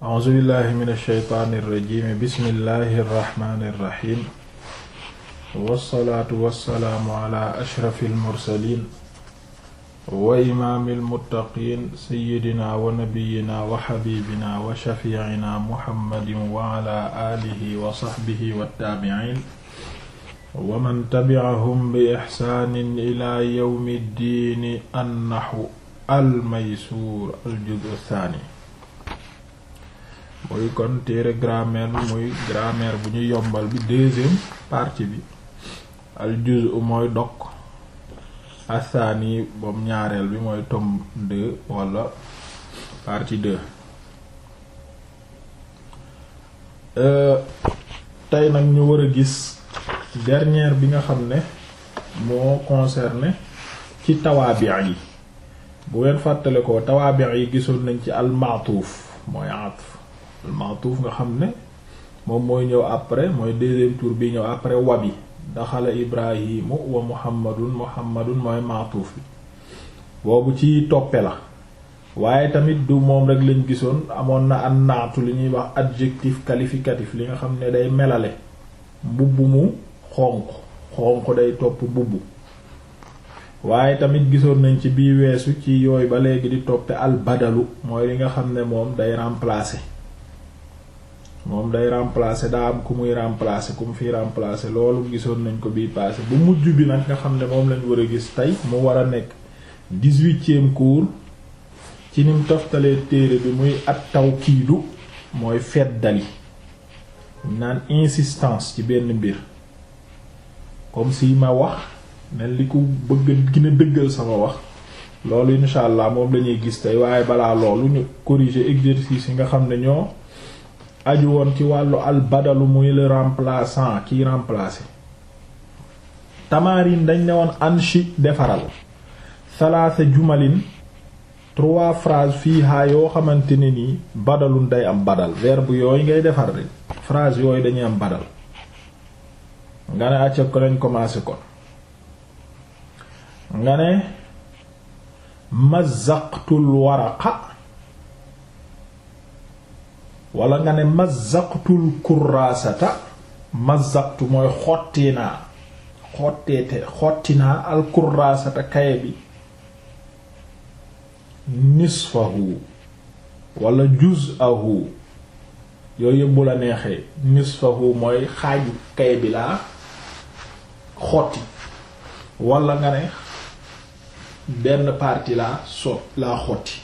a'uuzu billahi min ash-shaytaani rajim bismillahi rrahmaani rrahim wassalaatu wassalaamu ala ashrafil mursaliin wa imaamil muttaqiin sayyidinaa wa nabiyyinaa wa habiibinaa wa shafii'inaa muhammadin wa ala aalihi wa sahbihi wattaabi'iin wa man tabi'ahum bi ihsaanin ilaa yawmi ddiini an-nahwu al-maysuur al-juz'u thaani muy kon téere grammaire bi muy grammaire bu ñu yombal bi deuxième partie bi al juz mooy dok asani bom ñaareel bi mooy tome 2 wala partie 2 euh, tey nag ñu war a gis dernière bi nga xam ne moo concerné ci tawaabi yi bu ngeen fàttale ko tawaabi yi gisul nañ ci al ma'tuf mooy atf al-ma'tuf nga xam ne moom mooy ñëw après mooy deuxième tour bi ñëw après wabi daxala ibrahimu wa muhammadun muhammadun mooy ma'tuf bi boobu ci toppe la waaye tamit du moom rek lañ gisoon amoon na an naatu li ñuy wax adjectif qualificatif li nga xam ne day melale mbubb mu xonq xonq day topp mbubb waaye tamit gisoon nañ ci bii weesu ci yooyu ba léegi di toppe albadalu mooy li nga xam ne moom day remplacer moom day remplacer daa am ku muy remplacer ku mu fiy remplacer loolu gisoon nañ ko bii passé bu mujj bi nag nga xam ne moom lañ war a gis tey mu war a nekk dix-huitième cours ci nim toftalee téere bi muy at tawkiidu mooy feddali naan insistance ci benn mbir comme si ma wax mel li ku bëgg gi a dëggal sama wax loolu incha allah moom lañuy gis tey waaye balaa loolu ñu corriger exercice yi nga xam ne ñoo aju woon ci wàllu albadalu muy le remplaçant kiy remplacer tamarin dañ ne woon anchi defaral salaasa jumalin trois phrases fii yoo xamante ne nii badalun day am badal verbe yooyu ngay defar de phrase yooyu dañuy am badal nga ne acca ko lañ commencé kon nga ne mazaqtul waraqa wala nga ne mazaqtul kurraasata mazaqtu mooy xotti naa xotteete xotti naa al kurraasata kaye bi nisfahu wala juz'ahu yooyu yëpp bu la neexee nisfahu mooy xaaj kaye bi laa xotti wala nga ne benn partie laa sot laa xotti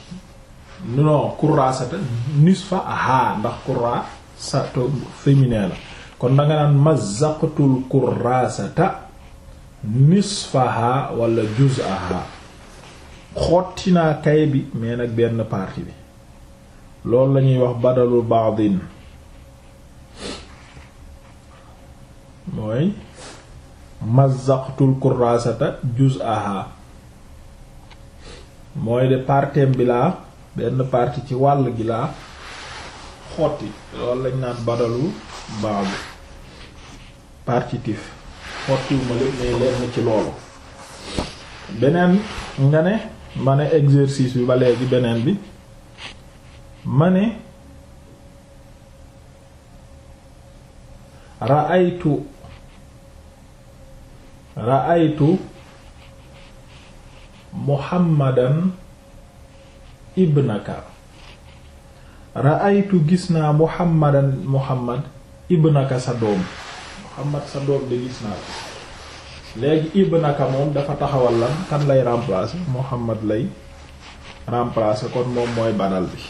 non kurraasata nisfa haa ndax kurraasata féminin la kon danga naan mazaqtul kurraasata nisfaha wala juzaha xotti naa kay bi mais nag benn partie bi loolu la ñuy wax badalu baadin mooy mazaqtul kurraasata juzaha mooy de partie bi laa benn partie ci wàll gi laa xotti loolu lañ naan badalu baabu partitif xottiwu ma lépp lenn ci loolu beneen nga ne ma ne exercice bi ba léegi beneen bi ma ne ra'aytu ra'aytu muhammadan ibnaka ra'aytu gis naa muhammadan muhammad ibnaka sa doom muhammad sa doom de gis naa léegi ibnaka moom dafa taxawal lan kan lay remplacer muhammad lay remplacer kon moom mooy badal bi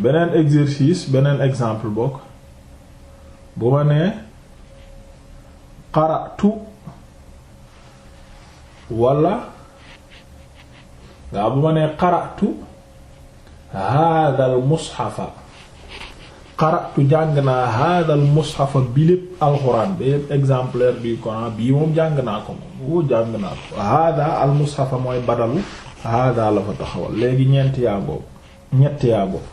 beneen exercice beneen exemple bokk bu ma nee qara'tu wala waaw bu ma nee qara'tu haadal mushafa qara'tu jàng naa haadal mushafa bi lépp alxuraan bi lépp exemplaire du Coran bii moom jàng naa ko moom woo jàng naa ko haada al mushafa mooy badalu haada la fa taxawal léegi ñeenti yaa boobu ñetti yaa boobu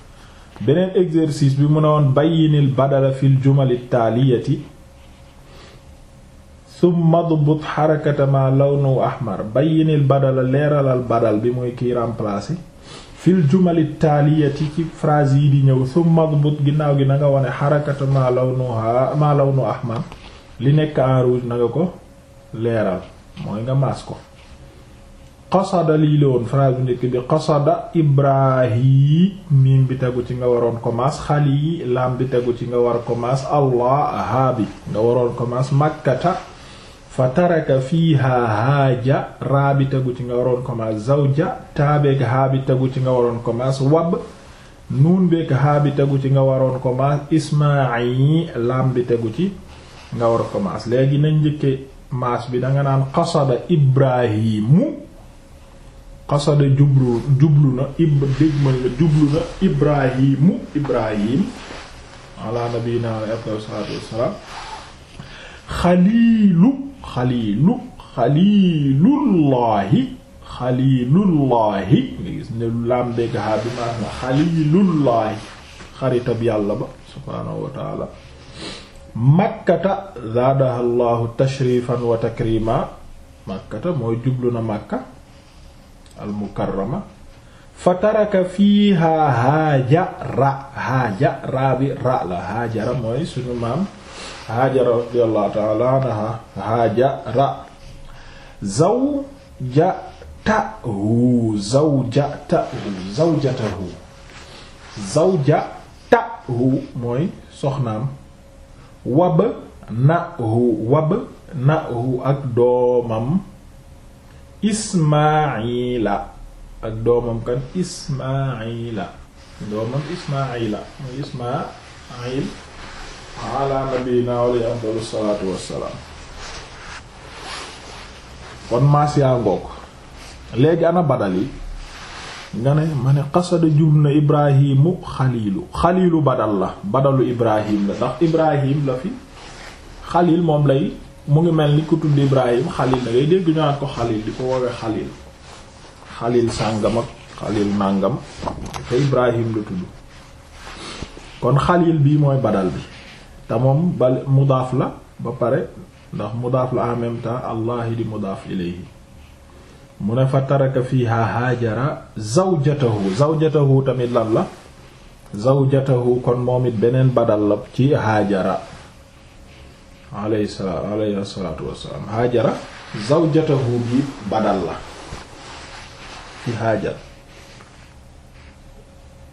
beneen exercice bi mu ne woon bayyinil badala fil jumali taaliyati summa dbut xarakata ma lawnu ahmar bayyinil badala leeralal badal bi mooy kiy remplacer fil jumali taaliyati ci phrase yi di ñëw summa dbut ginnaaw gi na nga wane xarakata ma lawnuha ma lawnu ahmar li nekk en rouge na nga ko leeral mooy nga maas ko qasada lii la woon bu njëkk bi qasada ibrahim miim bi tegu ci nga waroon commence xali laam bi tegu ci nga war commence allah haabi nga waroon commence makkata fa taraka fiiha haaja raabi tegu ci nga waroon commence zawja taabeeg haabi tegu ci nga waroon commence wab nuun beeg haabi tegu ci nga waroon commence isma'i lam bi tegu ci nga war commence léegi nañ njëkke maas bi danga naan qasada ibrahimu qasada jublu jublu na ib dégmal na jublu na ibrahimu ibrahim ala nabiyina alayhi xaliilu xaliilu xaliilullaahi xaliilullaahi nga gis ne laam dégg haa bi maanaam xaliilullaahi xaritab yàlla ba subhaanahu wa taala makkata zaadaha llahu tashrifan wa makkata mooy jublu na màkka almukarrama fa taraka fiiha haajara haajara bi ra la haajara mooy suñu maam haajara radiyallahu ta'ala anha haajara zawjatahu zawjatahu zawjatahu zawjatahu mooy soxnaam wab nahu wab nahu ak doomam ismaila ak doomam kan ismaila doomam ismaila mooy ismail ala nabiyina wala afdalu salaatu wassalaam kon maas yaa ngoog léegi ana badal yi nga ne ma ne qasada jub na ibrahimu xaliilu xaliilu badal la badalu ibrahim la ndax ibrahim la fi xalil moom lay mu ngi mel ni ku tudd ibrahim xalil na ngay dégg ñu ko xalil di ko woowee xalil xalil sàngam ak xalil nàngam te ibrahim la tudd kon xalil bii mooy badal bi te moom bal mudaaf la ba pare ndax mudaaf la en même temps allah di mudaaf ilayhi mu ne fa taraka fiha haajara zawjatahu zawjatahu tamit lan la zawjatahu kon moom it beneen badal la ci haajara alayhi salaam alayhi salaatu wassalaam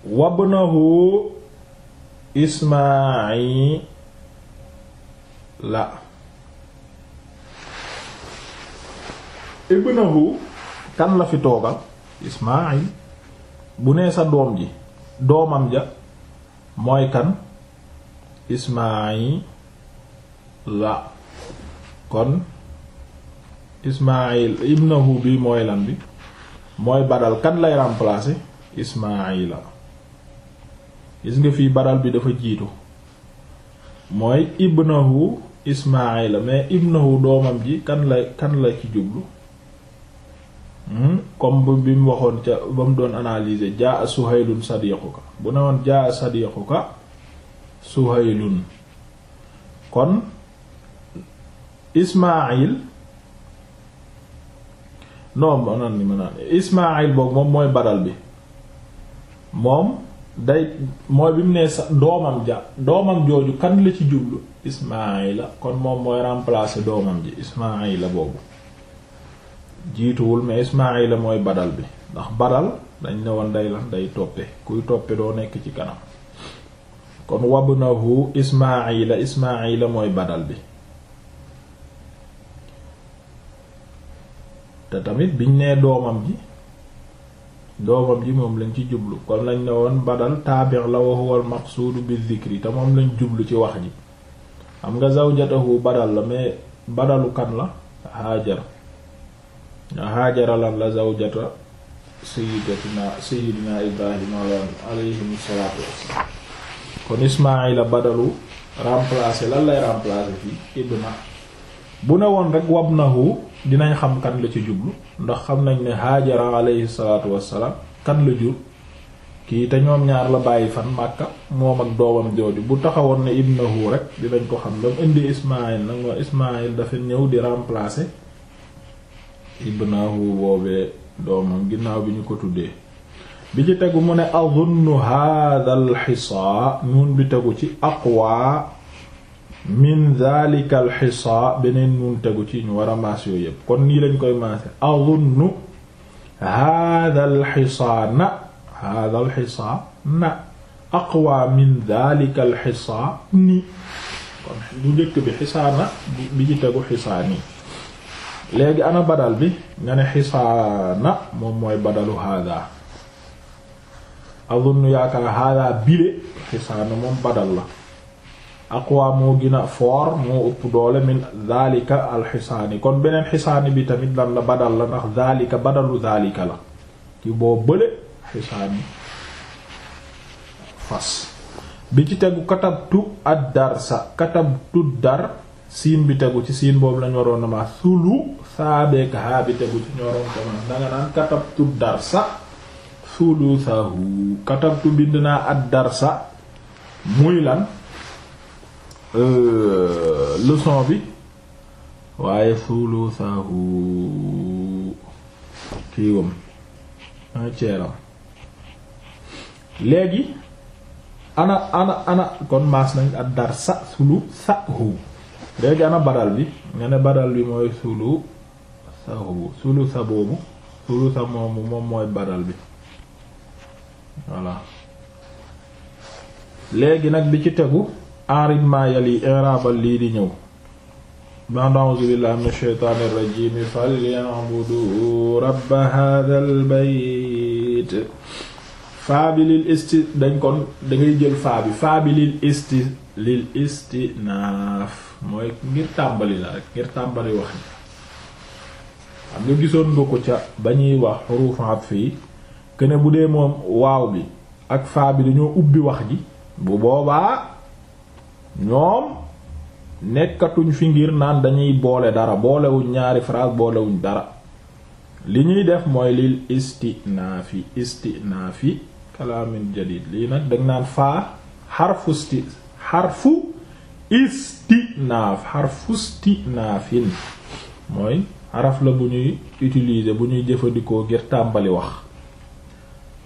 wabnahu ismail la ibnahu kan la fi toogal ismail bu nee sa doom ji doomam ja mooy kan ismail la kon ismail ibnahu bi mooy lan bi mooy badal kan lay remplacer ismaila gis nga fi badal bi dafa jiitu mooy ibnahu Ismaayila mais ibnahu doomam ji kan la kan la ci jublu hmm? comme bi mu waxoon ca ba mu doon analyser jaa Suhaylun sadiquka bu ne woon jaa sadiquka Suhaylun kon Ismaayil non ma naan ni ma naan Ismaayil boog moom mooy badal bi moom day mooy bi mu nee sa doomam ja doomam jooju kan la ci jublu Ismaayila kon moom mooy remplacer doomam ji Ismaayila boobu jiituwul mais Ismaayila mooy badal bi ndax badal dañ ne woon day la day toppe kuy toppe doo nekk ci kanam kon wabnahu Ismaayila Ismaayila mooy badal bi te tamit biñ nee doomam ji doomam ji moom lañ ci jublu kon lañ ne woon badal taabix la wa huwa al bi zikri te moom lañ jublu ci wax ji xam nga zawjatahu badal la mais badalu kan la haajara haajara lan la zawjata sayyidatina sayyidina ibrahima alayhim salaatu wassalaam kon ismaila badalu remplacer lan lay remplacer fii bu ne woon rek wabnahu dinañ xam kan la ci jublu ndax xam nañ ne haajara alayhi salaatu wassalaam kan la jur kii te ñoom ñaar la bàyyi fan Makka moom ak doomam jooju bu taxawoon ne ibnahu rek dinañ ko xam dam indi Ismaayil nag moo Ismaayil dafa ñëw di remplacer ibnahu boobee doomam ginnaaw bi ñu ko tuddee bi ci tegu mu ne azunnu haadal xisaa nuun bi tegu ci aqwa min dhalika al beneen nun tegu ci ñu war a maas yooyu yépp kon nii lañ koy maase adunnu hada al xisaana hada al xisaana aqwa min dhalika al xisaani kon bu njëkk bi xisaana bi ci tegu xisaani léegi ana badal bi nga ne na moom mooy badalu hada adunnu yaakaar hada bile xisaana moom badal la aqwa moo gën a foor moo ëpp doole min dhalika alxisaani kon beneen xisaani bi tamit lan la badal la ndax dhalika badalu dhalika la ci boo bële xisaani fas bi ci tegu katabtu ad-darsa katabtu dar siin bi tegu ci siin boobu lañu waroon na ma sulu saabeek haa bi tegu ci ñoroon ko man danga naan katabtu darsa sulu saahu katabtu bind naa ad-darsa muy lan Euh, leçon bi waaye sulusahu kiiwam un tiers léegi ana ana ana kon maas nañ ak dar sa sulu sahu léegi ana badal bi nga ne badal bi mooy sulu sahu sulu sa boobu sulu sa moomu moom mooy badal bi voilà léegi nag bi ci tegu arid ma yali i'raabal lii di ñëw ba'd a'uuzu billahi minash shaytaanir rajiim falyabudu rabba haadhal bayt faa bi lil isti dañ kon dangay jël faa bi faa bi lil isti lil istinaaf mooy ngir tàmbali la ngir tàmbali wax ni xam nga gisoon nga ca ba wax xuruuf atf këne bu dee moom waaw bi ak faa bi dañoo ubbi wax ji bu boobaa ñoom nekkatuñ fi ngir naan dañuy boole dara boolewuñ ñaari phrase boolewuñ dara li ñuy def mooy isti naa fi kalaamin jadid lii nag dañ naan faa xarfu sti xarfu istinaaf xarfu istinaafin mooy araf la bu ñuy utiliser bu ñuy jëfandikoo ngir tàmbali wax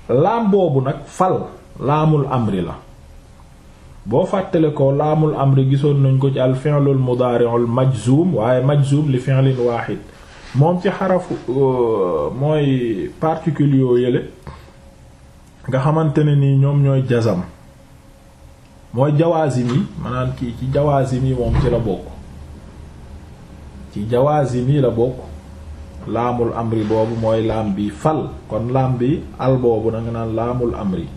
laam boobu nag fal laamul amri la boo fàttale ko laamul amri gisoon nañ ko ci al fi'lul mudaari'ul majzum waaye majzum li fi'lin waahid moom ci xarafu euh, mooy particule yoo nga xamante ne nii ñoom ñooy jazam mooy jawaazim yi maanaam kii ci jawaazim yi moom ci la bokk ci jawaazim yi la bokk laamul amri boobu mooy laam bi fal kon laam bi al boobu na naan laamul amri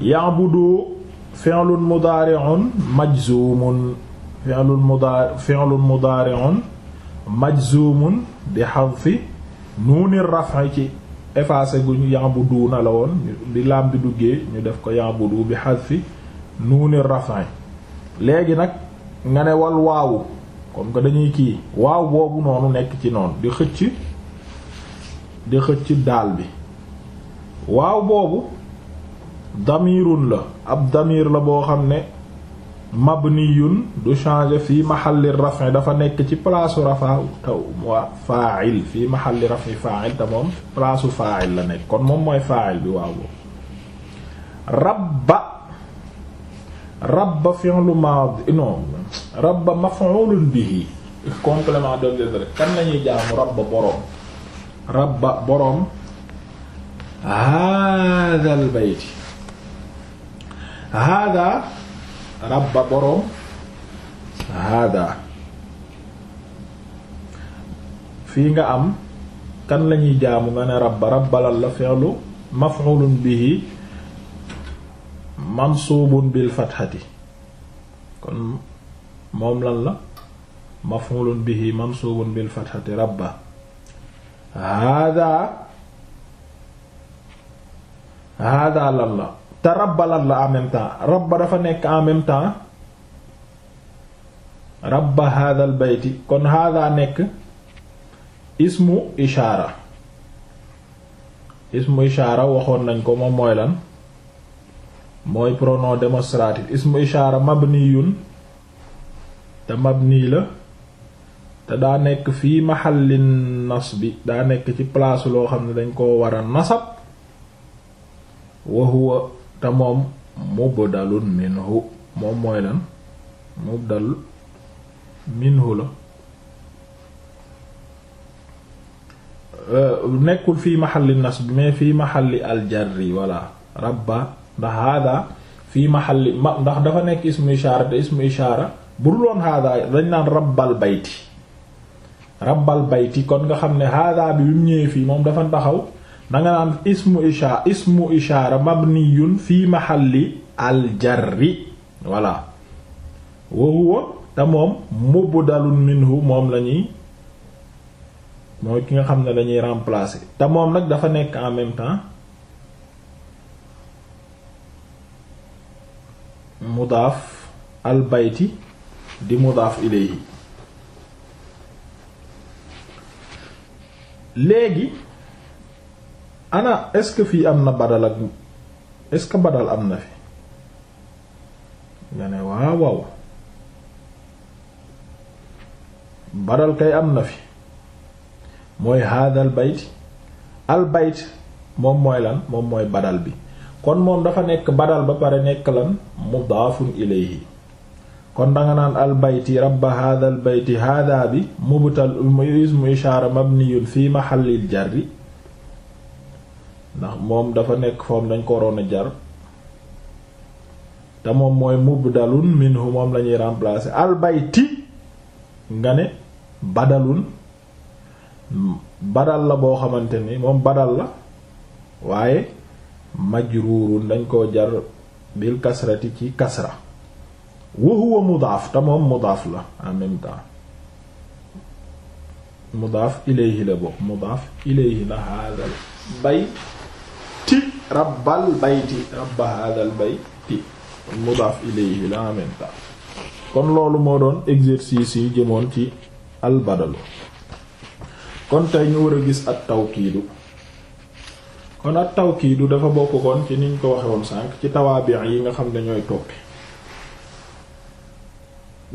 ya'budu fi'lun mudari'un majzumun fi'lun mudari fi'lun maj majzumun bi hadfi nuuni raf'i ci effacé gu ñu ya'budu na la woon di laam bi duggee ñu def ko ya'budu bi hadfi nuuni raf'i léegi nag nga ne wal waawu comme que dañuy kii waaw boobu noonu nekk ci noonu di xëcc di xëcc daal bi waaw boobu damirun la ab damir la boo xam ne mabniyun du changer fii mahalli raf'i dafa nekk ci palaasu rafa taw waa fi fii mahalli raf'i fa'il te moom palaasu fa'il la nekk kon moom mooy fa'il bi waaw boobu rabba rabba fi'lu maadi non rabba maf'ulun bihi complément d'objet kan lañuy jaamu rabba boroom rabba boroom haadal bayti hada rabba boroom hada fii nga am kan la ñuy jaamu nga ne rabba rabba lan la fi'lu maf'ulun bihi mansubun bil fathati kon moom lan la maf'ulun bihi mansubun bil fathati rabba hada hada lan la te rabba lan la en rabba dafa nekk en même temps rabba haadal bayti kon haada nekk ismu ishaara ismu ishaara waxoon nañ ko moom mooy lan mooy pronom démonstratif ismu ishaara mabniyun te mabni la te daa nekk fii nas bi daa nekk ci place loo xam ne dañ koo wara a nasab wa huwa te moom mubdalun minhu moom mooy lan dal minhu la euh, nekkul fii ma maxalli nasb mais fii maxalli aljarri walla rabba ndax hada fii maxalli ma ndax dafa nekk ismu ishaara te ismu ishaara bu dul woon hada dañ naan rabbal bayti rabbal bayti kon nga xam ne hada bi bi ñëwee fii moom dafa taxaw danga naan ismu isha ismu ishaara mabniyun fi mahalli aljarri voilà wa huwa te moom mubdalun minhu moom la ñuy ki nga xam ne lañuy remplacer te moom nag dafa nekk en même temps mudaaf albayti bayti di mudaaf ilayhi léegi ana est-ce que fii am na badal ak est-ce que badal am na fi nga ne waaw waaw badal kay am na fi mooy haadal bayt al bayt moom mooy lan moom mooy badal bi kon moom dafa nekk badal ba pare nekk lan mudaafun ilayhi kon danga naan al bayti rabba haadal bayti haadaa bi mubtal ismu ishaara mabniyun fi mahallil jarri ndax moom dafa nekk foom dañ ko waroon a jar te moom mooy dalul minhu moom lañuy ñuy remplacer albayti nga ne badalun badal la boo xamante ni moom badal la waaye majruurun dañ koo jar bil kasrati ci kasra wa huwa mudaaf te moom la en même temps mudaaf ilayhi la bokk mudaaf bay rabbal bayti kon loolu moo doon exercice yi jëmoon ci albadalu kon tey ñu war a gis at tawkiidu kon at tawkiidu dafa bokk kon ci niñ ko waxewoon sànq ci tawaabi yi nga xam ne ñooy toppi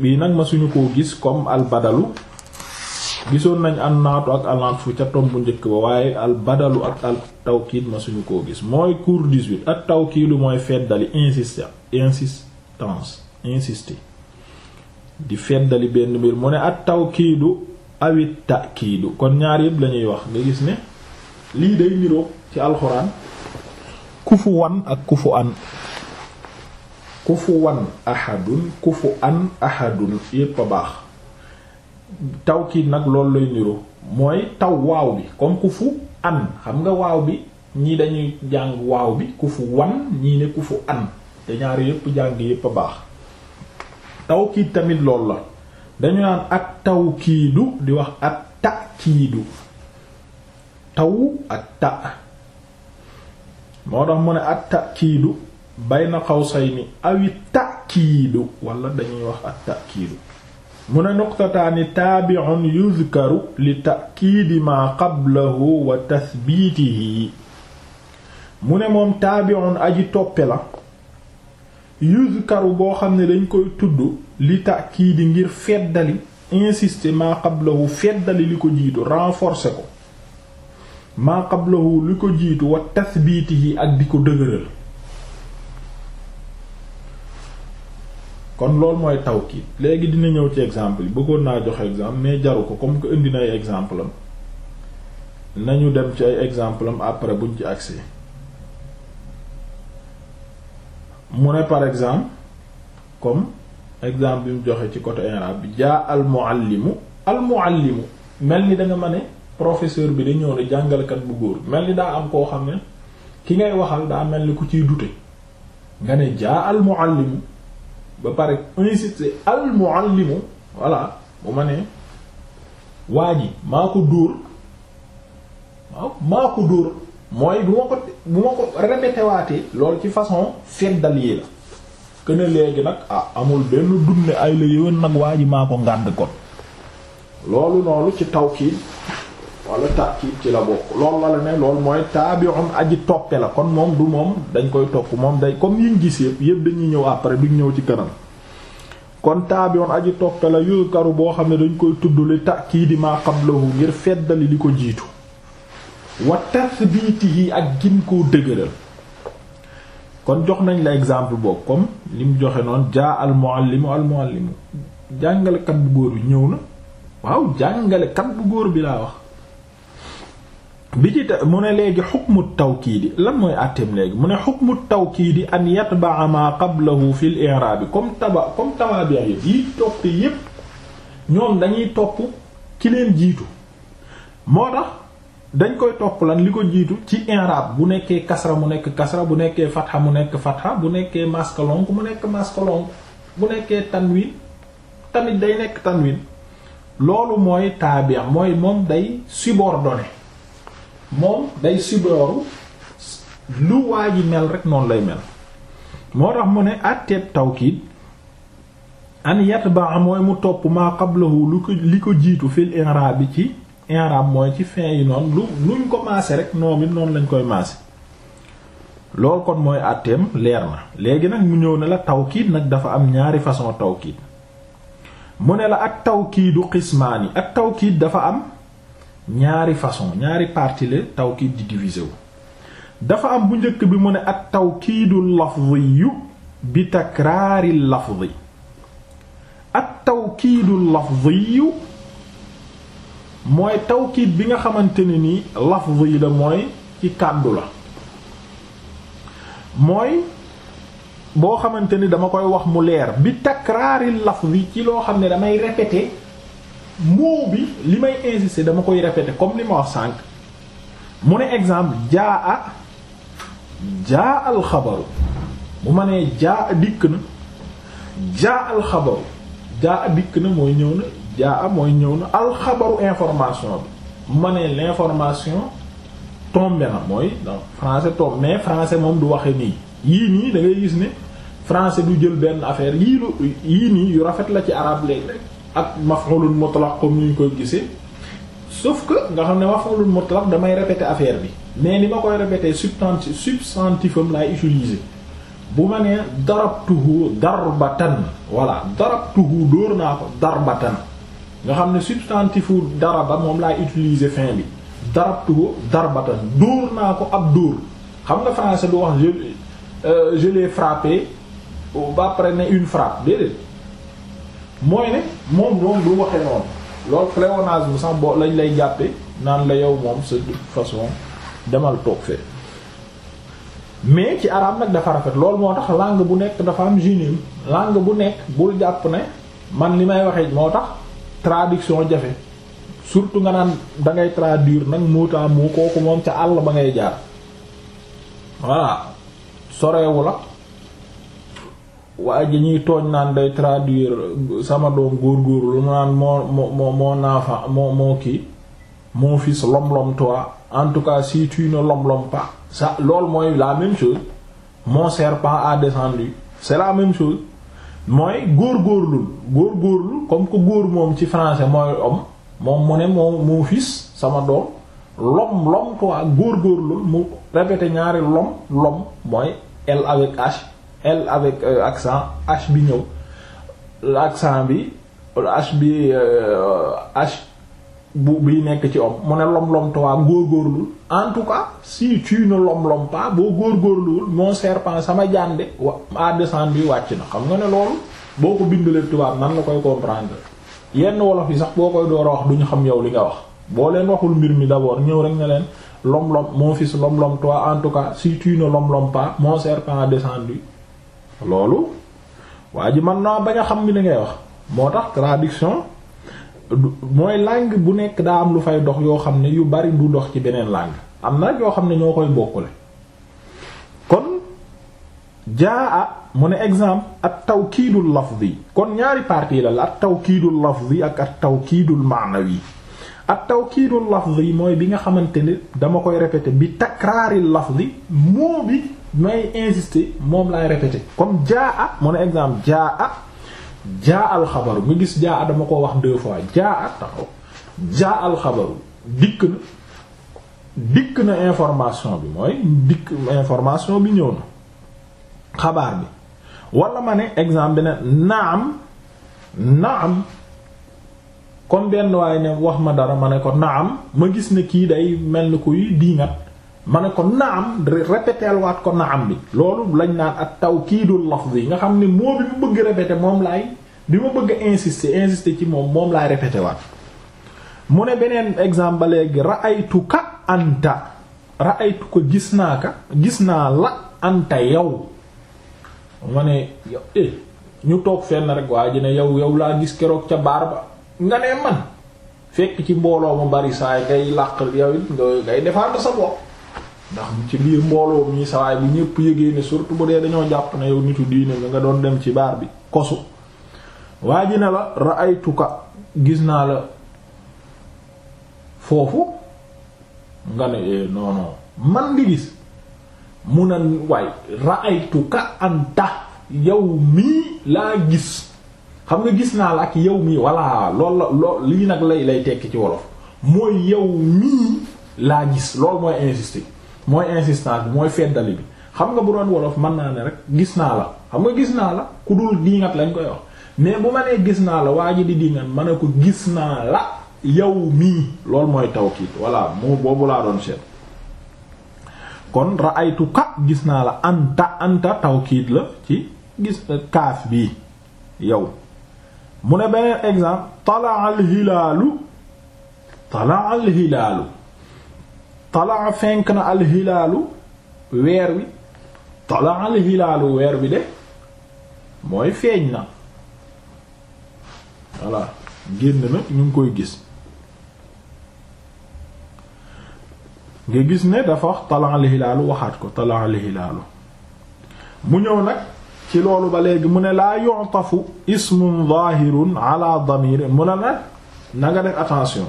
bii nag ma suñu ko gis comme albadalu gisoon nañu an naatu ak al ca tombu njëkk ba waaye al badalu ak al tawkiid ma suñu koo gis mooy cours 18 ak tawkiidu mooy feddali insister insistance insister di feddali benn mbir mu ne at tawkiidu awit takiidu kon ñaar yëpp la wax nga gis ne lii day niroo ci alxuraan kufu ak kufu an kufu an ahadun yépp a baax taw tawkiid nag loolu lay niroo mooy taw waaw bi comme ku fu an xam nga waaw bi ñii dañuy jàng waaw bi ku fu wan ñii ne ku fu an te ñaari yépp jàng yépp a baax taw tawkiid tamit loolu la dañu naan ak taw tawkiidu di wax ak takiidu taw ak ta moo tax mu ne ak takiidu bayna qawsayni awi takiidu wala dañuy wax ak takiidu mu ne nuqtataani taabi'un yuzkaru li ta'kiidi maa qablahu wa tathbiitihi mu ne moom taabi'un aji toppe la yuzkaru boo xam ne dañ koy tudd li ta'kiidi ngir feddali insister maa feddali li ko jiitu renforcer ko maa li ko jiitu wa tathbiitihi ak di ko dëgëral kon loolu mooy taw kii léegi dina ñëw ci exemple yi bëggoon naa joxe exemple mais jaru ko comme que indi na ay exemple am nañu dem ci ay exemple am après buñ ci agsi mu ne par exemple comme exemple bi mu joxe ci côté arabe bi jaa al muallimu al muallimu mel ni da nga ma ne professeur bi da ñëw jàngalekat bu góor mel ni daa am koo xam ne ki ngay waxal daa mel ni ku ciy dute nga ne jaa al muallimu ba pare insister al muallimu voilà bu ma nee waa ji maa ko dóor waaw maa ko dóor mooy bu ma ko bu ma ko répété loolu ci façon feddal yi la que ne léegi nag ah amul benn dund ay la yëwén nag waa ji maa ko ngànd kon loolu noonu ci taw kii wala taqib ci la bokk loolu la la ne loolu mooy taabi'un aji toppe la kon moom du moom dañ koy topp moom day comme yiñ gis yëpp yëpp dañuy ñëw après duñ ñëw ci kanam kon taabi'un aji toppe la yuzkaru boo xam ne dañ koy tuddle takiidi ma qablahu ngir feddali li ko jiitu wa tathbitihi ak gin koo dëgëral kon jox nañ la exemple boobu comme li joxe noonu jaa al muallimu al muallimu bu góor bi ñëw na waaw jàngalekat bu góor bi laa wax bi ci mu ne léegi taw tawkiidi lan mooy àtteem léegi mu ne mut xukmu tawkiidi an yatba'a ma qablahu fil i'rab comme taba comme tababi yi topp yépp ñoom dañuy topp ki leen jiitu moo tax dañ koy topp lan li ko jiitu ci i'rab bu nekkee kasra mu nekk kasra bu nekkee fatha mu nekk fatha bu nekkee maskalonk mu nekk maskalonk bu nekkee tanwin tamit day nekk tanwin loolu mooy taabi' mooy moom day subordonné moom day sibooru lu waa ji mel rek noonu lay mel moo tax mu ne àtteeb tawkiid an yatba mooy mu topp maa qablahu lu li ko jiitu fil i'rab bi ci i'rab mooy ci fin yi noonu lu luñ ko maase rek noom it noonu lañ koy maase loolu kon mooy àtteem leer na léegi nag mu ñëw ne la tawkiid nag dafa am ñaari façon tawkiid mu ne la ak tawkiidu qismaani ak tawkiid dafa am ñaari façon ñaari partie la tawkiid di divisé wu dafa am bu njëkk bi mu ne at tawkiidul lafziyu bi takraaril lafzi at tawkiidul lafziyu mooy tawkiid bi nga xamante ne ni lafzi la mooy ci kàddu la mooy boo xamante ni dama koy wax mu leer bi takraaril lafzi ci loo xam ne damay répéter moo bi li may insister dama koy répéter comme li ma wax sànq mu ne exemple jaa a jaa alxabaru bu ma nee jaa a dikk na jaa alxabaru jaa a dikk na mooy ñëw na jaa a mooy ñëw na alxabaru information bi bu ma nee l'information tombé na mooy donc français tombe mais français moom du waxe nii yii nii da ngay gis ne français du jël benn affaire yii yii nii yu rafet la ci arabe léegi rek ak maf'ulun mutlaq comme ni ñu koy gisee sauf que nga xam ne maf'ulun mutlaq damay répéter affaire bi mais ni ma koy répéter substantif substantifam laay utiliser bu ma nee darabtuhu darbatan voilà darabtuhu dóor naa ko darbatan nga xam ne substantifu ba moom laay utiliser fin bi darabtuhu darbatan dóor naa ko ab dóor xam nga français du wax je euh, frappé ba après ne une frappe déedéet. mooy ne moom moom du waxee noonu loolu pléonasme sax boo lañ lay jàppe naan la yow moom sa façon demal toog fee mais ci arabe nag dafa rafet loolu moo tax làng bu nekk dafa am junim làng bu nekk bul jàpp ne man li may waxee moo tax tradition jafe surtout nga naan dangay ngay traduire nag mootaa moo kooku moom ca àll ba ngay jaar voilà soreewu la waa ji ñuy tooñ naan day traduire sama doom góor-góor lu mu naan moo moo moo naafa moo moo kii mon fils lomlom toi en tout cas si tu ne lomlom pas ça loolu mooy la même chose mon serpent a descendu c'est la même chose mooy góor-góorlul góor-góorlu comme que góor moom ci français mooy homme moom mu ne moo mon fils sama doom lom lom toi góor-góorlul mu répété ñaari lom lom mooy L avec H L avec euh, accent H bi ñëw accent bi H bi euh, H bu bi nekk ci homme mu ne lom-lom towaa góorgóorlul en tout cas si tu lom-lom pa boo góor góorgóorluwul mon serpent sama jànde wa à descendre bi wàcc na xam nga ne loolu boo ko bindalee tubaab nan la koy comprendre yenn wolof yi sax boo koy door a wax duñu xam yow li nga wax boo leen waxul mbir mi d'abord ñëw rek na leen lom-lom mon fils lom-lom toi en tout cas si tu lom-lom pas mon serpent a descendu loolu waa ji mën naa bañ a xam ni li ngay wax moo tax tradition mooy langue bu nekk daa am lu fay dox yoo xam ne yu bari bu dox ci beneen langue am na yoo xam ne ñoo koy bokkule kon jaa a mu ne exemple at tawkiidul lafzi kon ñaari partie la la at tawkiidul lafzi ak at tawkiidul maanawi at tawkiidul lafzi mooy bi nga xamante ni dama koy répéter bi takraaril lafzi moo bi may insister moom laay répéter comme jaa a mu ne exemple jaa a jaa alxabaru nga gis jaa a dama ko wax deux fois jaa a taxaw jaa alxabaru dikk na dikk na information bi mooy dikk information bi ñëw na xabaar bi wala ma ne exemple bi ne naam naam comme benn waaye ne wax ma dara ma ne ko naam ma gis ne kii day mel ni kuy diingat ma ne ko naam répétéel waat ko naam bi loolu lañ naan ak tawkiidul lafzi nga xam ne moo bi mu bëgg répété moom laay bi ma bëgg a insister ci moom moom laay répété waa mu ne beneen exemple ba léegi ra'aytuka anta ra'aytuka gis naa ka gis naa la anta yow ma ne yow eh ñu toog fenn rek waa ji ne yow yow laa gis keroog ca baar ba nga ne man fekk ci mbooloo mu bari saay ngay làq yow it ngay defar sa bopp ndax ci biir mbooloo mii sawaay bu ñépp yëgee ne surtout bu dee dañoo jàpp ne yow nitu diine nga nga doon dem ci baar bi kosu waa ji ne la ra'aytuka gis naa la foofu nga ne eh, non man di gis mu na waay ra'aytuka anta yow mii laa gis xam nga gis naa la ak yow mii walla lool la lool lii nag lay lay tekki ci wolof mooy yow mii laa gis loolu mooy insister mooy insistance mooy feddali bi xam nga bu doon wolof mën naa ne rek gis naa la xam nga gis naa la ku dul diingat lañ koy wax mais bu ma nee gis naa la waa ji di diingat ma ne ko gis naa la yow mii loolu mooy tawkiid voilà moo boobu laa doon seet kon ra'aytuka gis naa la anta anta tawkiid la ci gis euh, kaaf bi yow mu ne beneen exemple talaa al hilaalu talaa hilaalu talaa fenk na alxilaalu weer wi talaa alxilaalu weer wi de mooy feeñ na voilà génn na ñu ngi koy gis nga gis ne dafa wax talaa alxilaalu waxaat ko talaa alxilaalu mu ñëw nag ci loolu ba léegi mu ne laa yu'tafu ismun zaahirun ala attention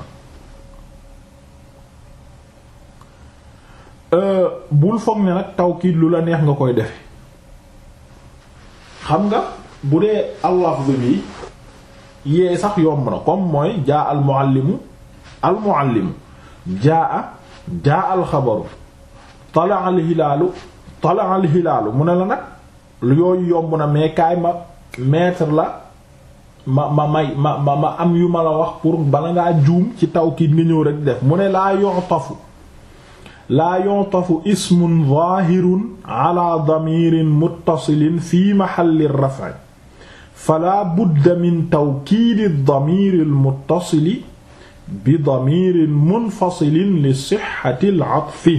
Euh, bul foog ne nag tawkiid lu la neex nga koy defe xam nga bu dee allafdu bi yee sax yomb na comme mooy jaa al muallimu al muallimu jaa a jaa al xabaru tala al hilaalu mu ne la nag lu yooyu yomb na mais kaay ma mettre la ma ma may ma ma am yu ma la wax pour bala ngaa juum ci tawkiid nga ñëw rek def mu ne laa yoxtafu laa yontafu ismun zaahirun ala damirin muttasilin fi mahalli raf'i fala budda min tawkiidi damiri almuttasili bi damirin munfasilin li sixati al-atfi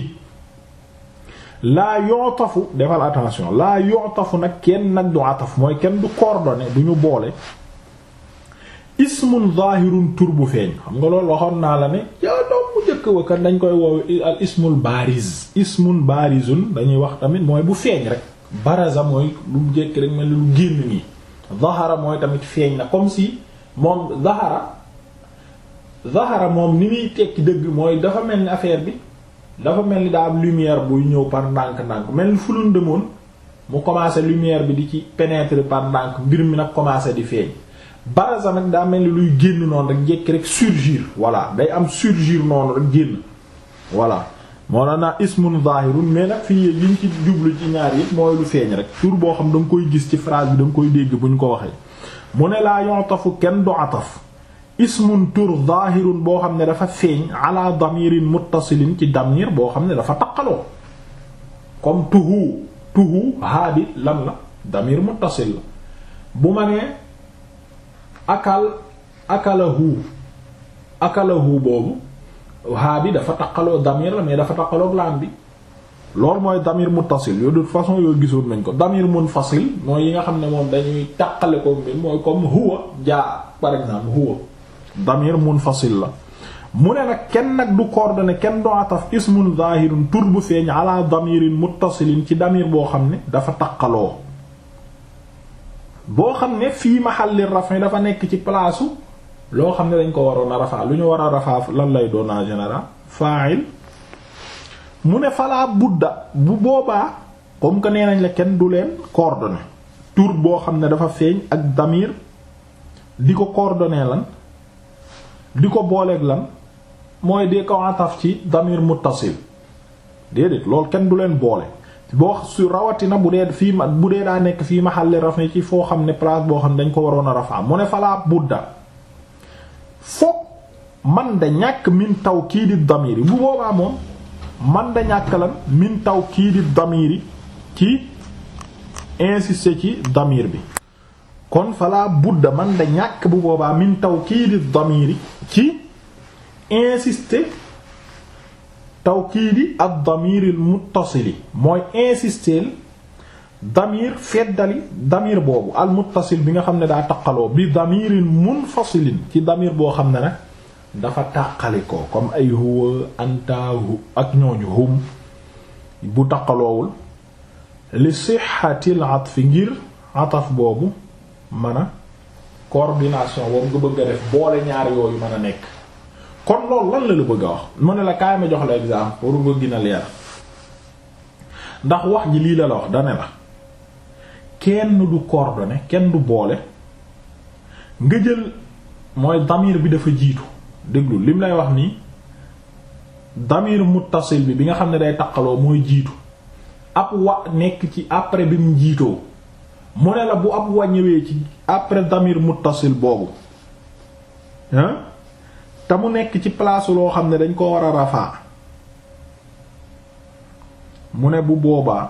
laa yontafu defal attention laa yontafu nag kenn nag du ataf mooy kenn du coordonné du ñu boole ismun zaahirun tur bu feeñ xam nga loolu waxoon naa la ne njëkk dañ koy woowe al ismul bariz ismun barizun dañuy wax tamit mooy bu feeñ rek baraza mooy bu mu rek mel ni lu génn nii zahara mooy tamit feeñ na comme si moom zahara zahara moom ni muy tekki dëgg mooy dafa mel ni affaire bi dafa mel ni daa am lumière buy ñëw par ndànk-ndànk mel ni fu lu demoon mu commencé lumière bi di ci pénétrer par ndànk mbir mi nag commencé di feeñ baraza nag daa mel ni luy génn noonu rek jekk rek surgir voilà day am surgir noonu rek génn voilà moo na naa ismun zahirun mais nag fii liñ ci jublu ci ñaar yëpp mooy lu feeñ rek tur boo xam da nga koy gis ci phrase bi da koy dégg bu ñu ko waxee mu ne laa yontafu kenn du ataf ismun tur zahirun boo xam ne dafa feeñ ala damirin muttasilin ci damir boo xam ne dafa taqaloo comme tuhu tuhu haadi lan la damir muttasil la bu ma akal akalahu akalahu boobu haa bi dafa taqaloo damir la mais dafa taqaloog laan bi loolu mooy damir muttasil yooyu de façon yooyu gisoon nañ ko damir munfasil mooy yi nga xam ne moom dañuy taqale ko mbir mooy comme huwa jaa par exemple huwa damir munfasil la mu ne nag kenn nag du coordonné kenn doo ataf ismun zahirun tur bu feeñ ala damirin muttasilin ci damir boo xam ne dafa taqaloo boo xam ne fii mahalli rafin dafa nekk ci place loo xam ne dañ ko waroon a rafaa lu ñu war a rafaa lan lay doon en général fa'il mu ne falaa budda bu boobaa comme que nee nañ la kenn du leen coordonné tur boo xam ne dafa feeñ ak damir di ko coordonné lan di ko booleek lan mooy di ko ataf ci damir muttasil déedéet loolu kenn du leen boole boo su rawatina bu dee fii bu dee daa nekk fii mahalli rafni ci foo xam ne place boo xam ne dañ ko waroon a rafaa mu ne falaa budda foog man de ñàkk min tawkiidi damiri bu boobaa moom man da ñàkk lan min tawkiidi damiri ci insister ci damir bi kon falaa budda man da ñàkk bu boobaa min tawkiidi damiri ci insister tawkiidi ad damiril muttasili mooy insisteel damir feddali damir boobu al muttasil bi nga xam ne daa taqaloo bi damiril munfasilin ci damir boo xam ne nag dafa ko comme ay huwa anta hu ak ñooñu hum bu taqaloowul li sixatil atfi ngir ataf boobu mën a coordination boobu nga bëgg a def boole ñaar yooyu mën a nekk kon loolu lan la la bëgg a wax mu ne la kaay jox la exemple pour nga gën a leer ndax wax ji lii la la wax dane la kenn du coordonné kenn du boole nga jël mooy damir bi dafa jiitu déglu lim lay wax nii damir muttasil bi bi nga xam ne day taqaloo mooy jiitu ab wa nekk ci après bi mu jiitoo mu ne la bu ab wa ñëwee ci après damir muttasil boobu hein te mu nekk ci place loo xam ne dañ ko war a rafaa mu ne bu boobaa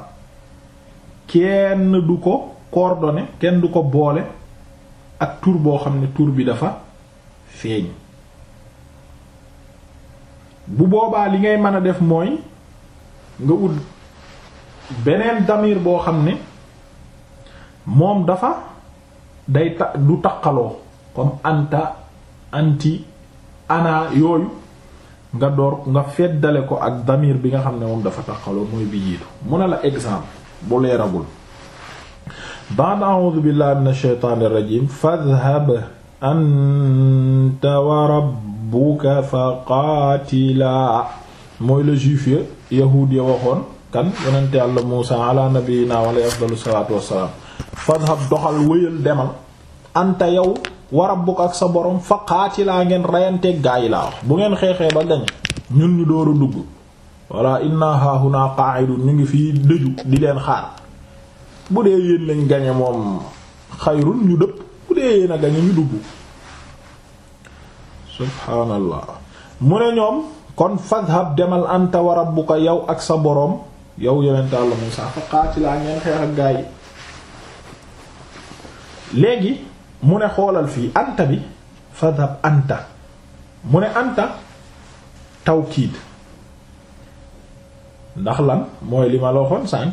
kenn du ko coordonné kenn du ko boole ak tur boo xam ne tur bi dafa feeñ bu boobaa li ngay mën a def mooy nga ut beneen damir boo xam ne moom dafa day du taqaloo comme anta anti ana yooyu nga door nga feddale ko ak damir bi nga xam ne moom dafa taqaloo mooy bi jiitu mu ne la exemple bu leeragul ba'd a'udhu billahi minash shaitanir rajim fadhhab anta wa rabbuka faqaatila mooy le juif ya yahuud ya waxoon kan yonente yàlla Muusa ala nabiyina afdalu salaatu wassalaam fadhhab doxal wëyal demal anta yow wa rabbuk ak sa borom fa laa ngeen reyanteeg gaa yi laa bu ngeen xeexee ba gañe ñun ñu door a dugg walla inna haahunaa qaa'idun ñu ngi fi dëju di leen xaar bu dee yéen lañ gañe moom ñu dëpp bu a gañe ñu dugg subhaanallah mu ne ñoom kon fadhab demal anta wa rabbuka yow ak sa boroom yow yonente Yàlla Muusaa fa qaatilaa ngeen xeex ak gaa yi léegi mu ne xoolal fii anta bi fadhab anta mu ne anta tawkiid ndax lan mooy li ma la waxoon sànq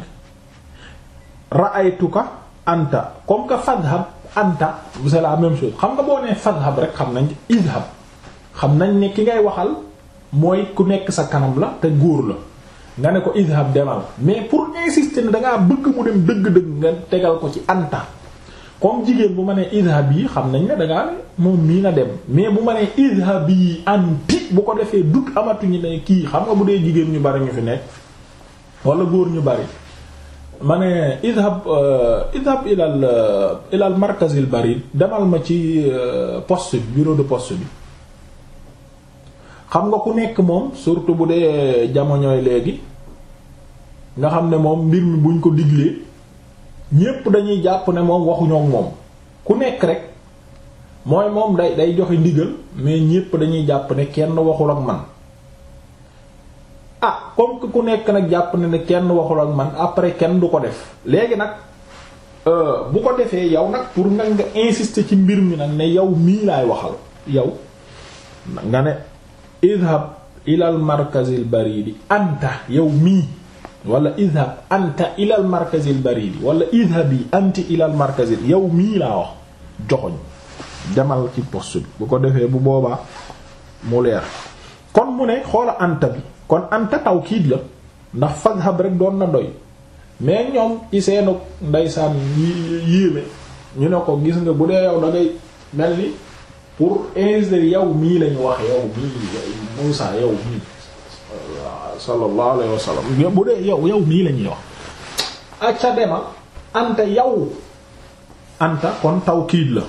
ra'aytuka anta comme que fadhab anta c'est la même xam nga boo nee fadhab rek xam nañ idhab xam nañ ne ki ngay waxal mooy ku nekk sa kanam la te góor la nga ne ko idhab demal mais pour insister ne dangaa bëgg mu dem dëgg-dëgg nga tegal ko ci anta comme jigéen bu ma nee idhab yi xam nañ ne da ngaa ne moom mii na dem mais bu ma nee idhab yi anti bu ko defee dut amatuñu ne kii xam nga bu dee jigéen ñu bari ñu fi nekk wala góor ñu bari ma ne idhab euh, idhab ilal euh, ilal markazil bari demal ma ci euh, poste bi bureau de poste bi xam nga ku nekk moom surtout bu dee jamonoy léegi nga xam ne moom mbir mi buñ ko diglee. ñépp dañuy jàpp ne moom waxuñoo moom ku nekk rek mooy moom day day joxe ndigal mais ñépp dañuy jàpp ne kenn waxul ak man ah comme que ku nekk nag jàpp ne ne kenn waxul ak man après kenn du ko def léegi nag euh, bu ko defee yow nag pour nag nga insister ci mbir mi nag ne yow mii laay waxal yow nga ne idhab ilal bari di anta yow mii wala idhab anta ilal al bari bi barid wala idhabi anti ila al markaz yow mii laa wax joxoñ demal ci poste bi bu ko defee bu boobaa mu leer kon mu ne xoola anta bi kon anta tawkiid la ndax fadhab rek doon na doy mais ñoom ci seenu ndaysaan yéeme ñu ne ko gis nga bu dee yow da ngay mel ni pour insérer yow mii lañu wax yow mii Moussa yow mii sallallahu alayhi bu dee yow yow nii lañuy ñuy wax ak sa demal anta yow anta kon tawkiid la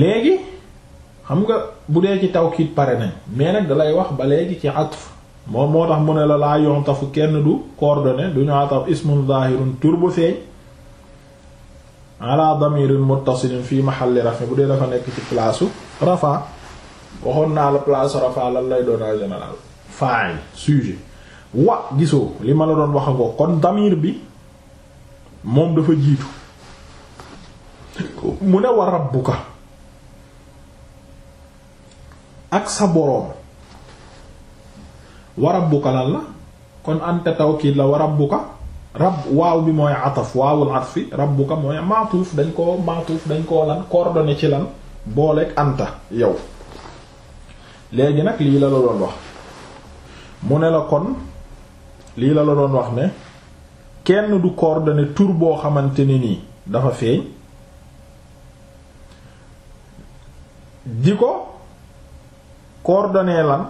léegi xam nga bu dee ci tawkiit pare nañ mais nag dalay wax ba léegi ci atf moom moo tax mu ne la laa yontafu kenn du coordonné du ñu ataf ismun zahirun tur bu feeñ ala damirin muttasilin fi mahalli rafin bu dee dafa nekk ci place rafa waxoon naa la place rafa lan lay doon en général faay sujet wa gisoo li ma la doon wax ako kon damir bi moom dafa jiitu mu ne wa rabbuka ak sa boroom wa rabbuka lan la kon anta tawkiid la wa rabbuka rab waaw bi mooy ataf waawul atfi rabbuka mooy maatuuf dañ koo maatuuf dañ koo lan coordonné ci lan booleeg anta yow léegi nag lii la la doon wax mu ne la kon lii la la doon wax ne kenn du coordonné tur boo xamante ne nii dafa feeñ di ko coordonné lan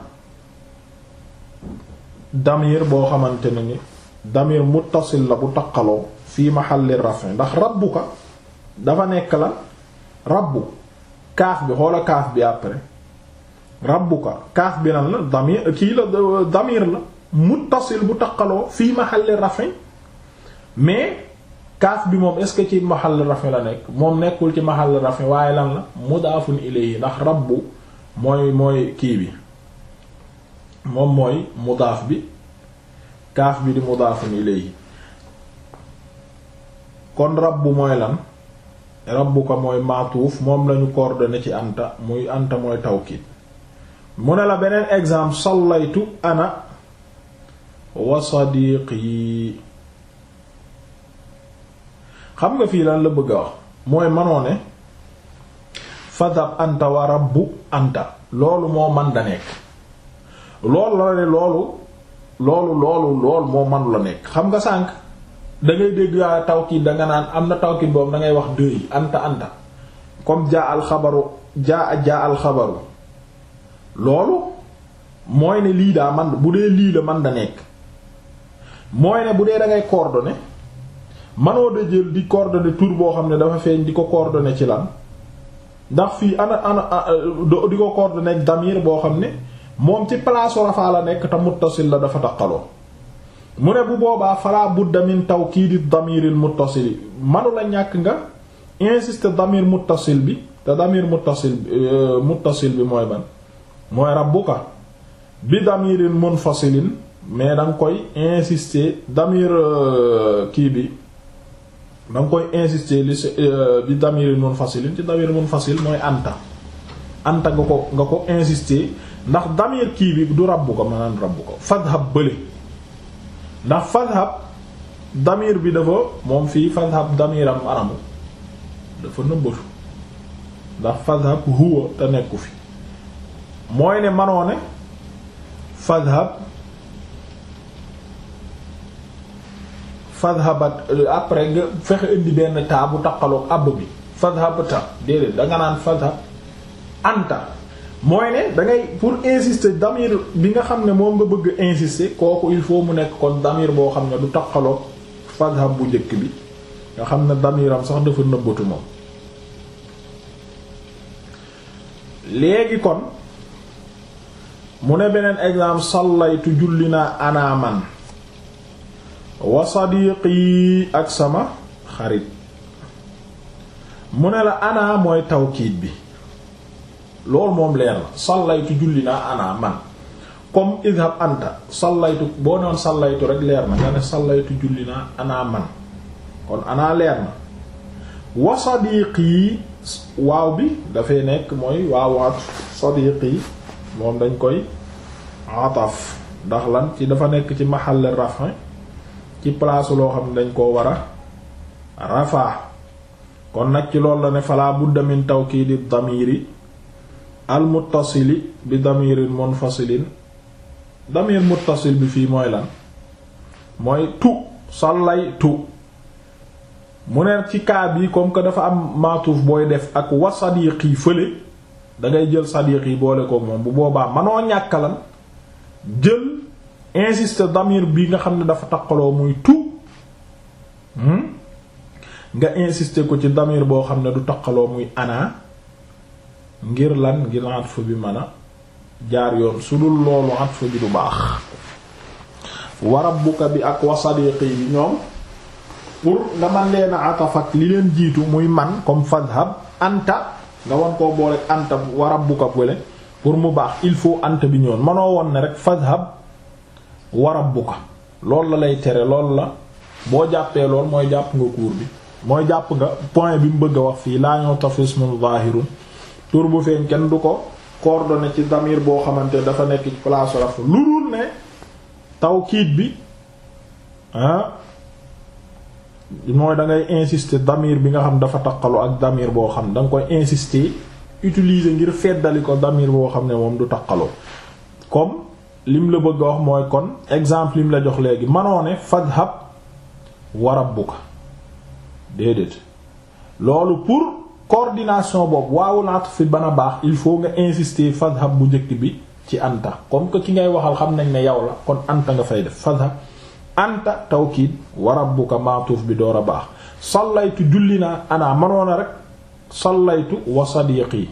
damir boo xamante ne ni damir mu muttasil la bu taqaloo fii mahalli rafin ndax rabbuka dafa nekk la rabbu kaaf bi xoola kaaf bi après rabbuka kaaf bi lan la damir kii la damir la muttasil bu taqaloo fii mahalli rafin mais kaaf bi moom est-ce que ci mahalli rafin la nekk moom nekkul ci mahalli rafin waaye lan la mudaafun ilayhi ndax rabbu mooy mooy kii bi moom mooy mudaaf bi kaaf bi di mudaafun ilayhi kon rabbu mooy lan rabbuka mooy maatuuf moom lañu coordonné ci anta muy anta mooy tawkiid mu ne la beneen exemple sallaytu ana wa sadiqi xam nga fii lan la bëgg wax mooy manoone ne anta wa rabbu anta loolu moo man da nekk loolu la ne loolu loolu loolu loolu moo man la nekk xam nga sànq da ngay dégg yaa tawkiid danga naan am na tawkiid boobu da ngay wax dëy anta anta comme jaa al xabaru jaa jaa al xabaru loolu mooy ne lii daa man bu dee lii la man da nekk mooy ne bu dee da ngay coordonner manoo da jël di coordonner tur boo xam ne dafa feeñ di ko coordonner ci lan ndax fii ana ana di ko coordonner ak damir boo xam ne moom ci palaasu rafaa la nekk te muttasil la dafa taqaloo mu ne bu boobaa falaa budda min tawkiidi damiril muttasili la ñàkk nga insister damir muttasil bi te damir muttasil euh, muttasil bi mooy man mooy rabbuka bi damirin munfasilin mais da koy insister damir euh, kii bi da nga koy insister li euh, bi damirin munfasilin ci damir munfasil mooy anta anta nga ko nga ko insister ndax damir kii bi du rabbu rabbuka maanaam rabbuka fadhab bële ndax fadhab damir bi dafa moom fii fadhab damiram anamu dafa nëbbatu ndax fadhab huwa te nekku fi mooy ne manoo ne fadhab fadhabat après nga fexe indi benn taa bu taqaloog àbb bi fadhabta déedéet danga naan fadhab anta mooy ne da pour insister damir bi nga xam ne moom nga bëgg insister kooku il faut mu nekk kon damir boo xam ne du taqaloog fadhab bu njëkk bi nga xam ne damiram sax dafa nëbbatu moom léegi kon mu ne beneen exemple sallaytu julli naa ana man wa sadiqi ak sama xarit mu ne la ana mooy taw kiit bi loolu moom leer la sallaytu julli naa ana man comme idhab anta boo noon sallaytu rek leer na nga ne sallaytu julli naa ana man kon ana leer na wa sadiqi waaw bi dafay nekk mooy waawaatu sadiqi moom dañ koy ataf ndax lan ci dafa nekk ci mahall rafin ci place loo xam ne dañ koo war a rafaa kon nag ci loolu la ne falaa fala budda min tawkiidi damiri al muttasili bi damirin munfasilin damir muttasil bi fii mooy lan mooy tu sallay tu mu ne ci kaab yi comme que dafa am maatuuf booy def ak wasadiqi fële da ngay jël sadiq yi boole ko moom bu boobaa manoo ñàkkalan jël insister damir bi nga xam ne dafa taqaloo muy tout hmm? nga insister ko ci damir boo xam ne du taqaloo muy anaa ngir lan ngir atf bi mën a jaar yoon su dul loolu atf bi du baax wa rabbuka bi ak wa sadiqi bi ñoom pour nga man leen a atafak li leen jiitu muy man comme fadhab anta nga won koo boole anta wa ko bële pour mu baax il faut anta bi ñoon manoo won ne rek fadhab wa ko loolu la lay tere loolu la boo jàppee lool mooy jàpp nga cours bi mooy jàpp nga point bi mu bëgg a wax fii laa ñoo tafis mun zaahirun tur bu feeñ kenn du ko coordonné ci damir boo xamante dafa nekk ci place raf lu dul ne tawkiit bi ah mooy da ngay insister damir bi nga xam dafa taqalu ak damir boo xam da nga koy insister utiliser ngir feddali ko damir boo xam ne moom du taqaloo comme lim la bëgg a wax mooy kon exemple lim la jox léegi manoo ne fadhab wa ko déedéet loolu pour coordination boobu naa atf fi bana baax il faut nga insister fadhab bu njëkk bi ci anta comme que ki ngay waxal xam nañ ne yow la kon anta nga fay def fadhab anta tawkiid bu rabbuka maatuuf bi door a baax sallaytu julli naa ana manoon a rek sallaytu wa sadiiqi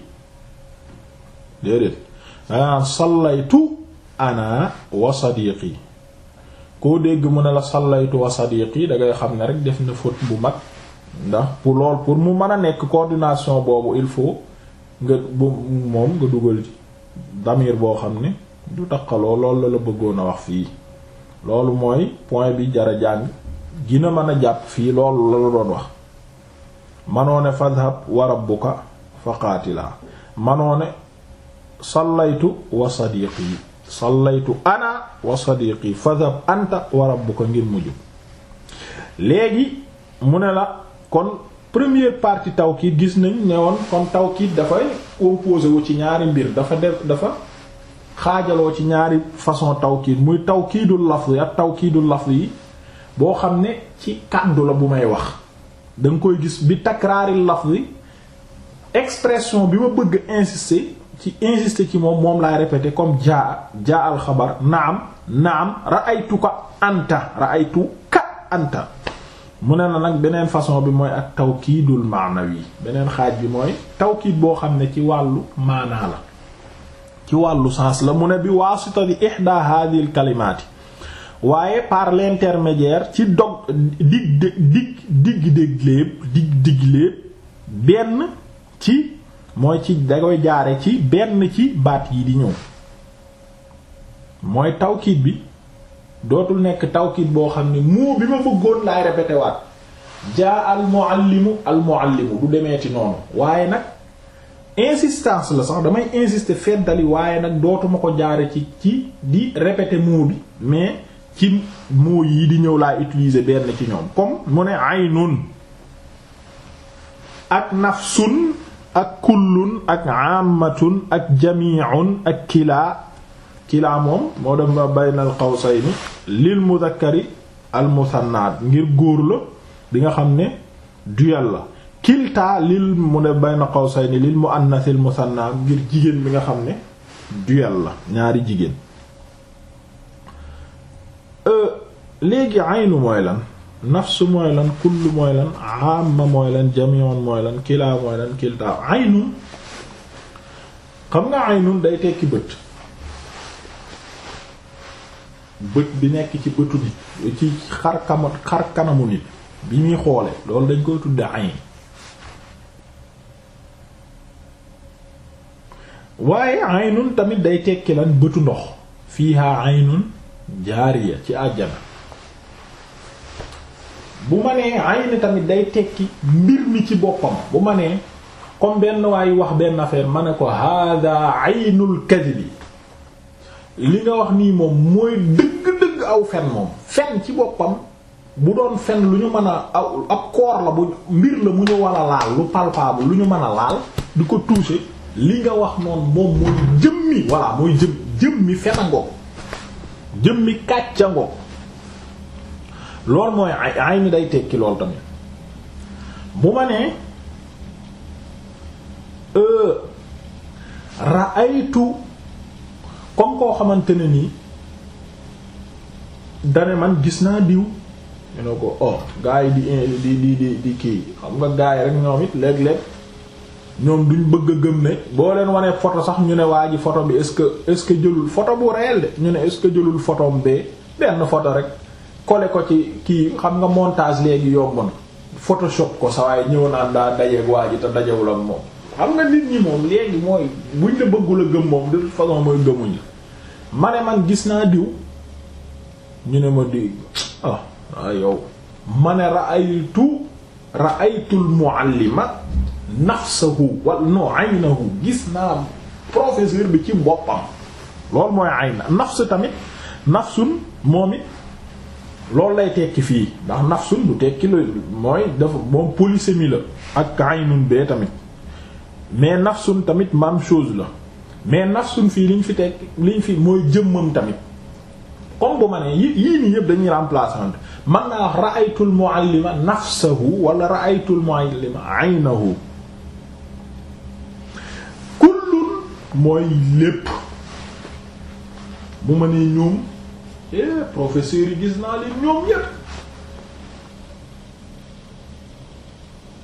déedéet dangaa sallaytu ana wa sadiiqi koo dégg mu ne la sallaytu wa sadiiqi dangay xam ne rek def na faute bu mag ndax pour lool pour mu mën a nekk coordination boobu il faut nga bu moom nga dugal damir boo xam ne du taqaloo loolu la la bëggoon a wax fii loolu mooy point bi jara jàng gina mën a jàpp fii loolu la doon wax manoo ne fadhab wa rabbuka fa qaatilaa manoo ne sallaytu wa sadiqi sallaytu ana wa sadiqi fadhab anta bu ko ngir mujju léegi mu ne la kon première partie tawkiid gis nañ ne woon kon tawkiid dafay composé wu ci ñaari mbir dafa def dafa xaajaloo ci ñaari façon tawkiid muy tawkiidul lafzi ak tawkiidul lafzi yi boo xam ne ci kàddu la bu may wax danga nga koy gis bi laf lafzi expression bi ma bëgg insister ci insister ci moom moom laay répéter comme jaa jaa al xabar naam naam ra'aytuka anta ra'aytuka anta mu ne na nag beneen façon bi mooy ak maana maanawi beneen xaaj bi mooy tawkiid boo xam ne ci wàllu maana la ci wàllu sens la mu ne bi waasuta ihda hadhihi al kalimaati waaye par l'intermédiaire ci dog dig dig dig dégléeb dig digléeb benn ci mooy ci da jaare ci benn ci baat yi di ñëw mooy tawkiit bi dootul nekk tawkiit boo xam ne moo bi ma bëggoon laay répété waat jaa al muallimu al muallimu du demeeti noonu waaye nag insistance la sax damay insister feddali waaye nag dootuma ko jaare ci ci di répéter mot bi mais ci mots yi di ñëw laa utiliser benn ci ñoom comme mu ne aynun ak nafsun ak kullun ak ammatun ak jami'un ak kilaa kilaa moom moo def ma baynal qawsayni lil mudhakkari al muthanna ngir góor la di nga xam ne duel la kilta lil mu ne bayna qawsayni lil muannathil musanna ngir jigéen bi nga xam ne duel la ñaari jigéen euh, léegi aynu mooy lan nafsu mooy lan kullu mooy lan amma mooy lan jami'un mooy lan kilaa mooy lan kilta aynun xam nga aynun day tekki bët bët bi nekk ci bëtu nit ci xar kama xar kanamu nit bi ñuy xoole loolu dañ koy tudde ayn waaye aynun tamit day tekki lan bëtu ndox fiiha aynun jaariya ci àjjana bu ma nee ayn tamit day tekki mbir mi ci boppam bu ma nee comme benn waay wax benn affaire ma ne ko hada aynul kadibi li nga wax nii moom mooy dëgg-dëgg aw fen moom fen ci boppam bu doon fen lu ñu mën a aw ab koor la bu mbir la mu ñu war a laal lu palpable lu ñu mën a laal di ko toucher li nga wax noonu moom mooy jëmmi voilà mooy jëm jëmmi fenango jëmmi kàccango loolu mooy ay ni day tekki loolu tamit bu ma nee euh, ra'aytu comme koo xamante ne nii dane man gis naa diw ñu ne ko oh gars yi di di di di di kii xam nga gars rek ñoom it léeg-léeg ñoom duñ bëgg a gëm ne boo leen wanee photo sax ñu ne waa ji photo bi est-ce que est-ce que jëlul photo bu réel de ñu ne est jëlul photo bee benn photo rek kole ko ci kii xam nga montage léegi yomb na photoshop ko sa waaye ñëw naa daa dajeeg waa ji te dajewul ak moom. xam nga nit ñi moom léegi mooy buñ la bëggul a gëm moom de façon mooy gëmuñu ma ne man gis naa diw ñu ne ma di ah, ah yow ma ne ra'aytu ra'aytul mu'allima nafsahu wal no aynahu gis naa professeur bi ci boppam loolu mooy ayna nafs tamit nafsun moom it loolu lay tekki fii ndax nafsun du tekki la mooy dafa moom polysémie la ak aynun bee tamit mais nafsun tamit même chose la mais nafsun fii liñ fi tekki liñ fi mooy jëmmam tamit comme bu ma nee yii nii yëpp dañuy remplaçant man naa wax ra'aytul mu'allima nafsahu wala ra'aytul mu'allima aynahu mooy lépp bu ma nee ñoom eh yi gis naa leen ñoom yépp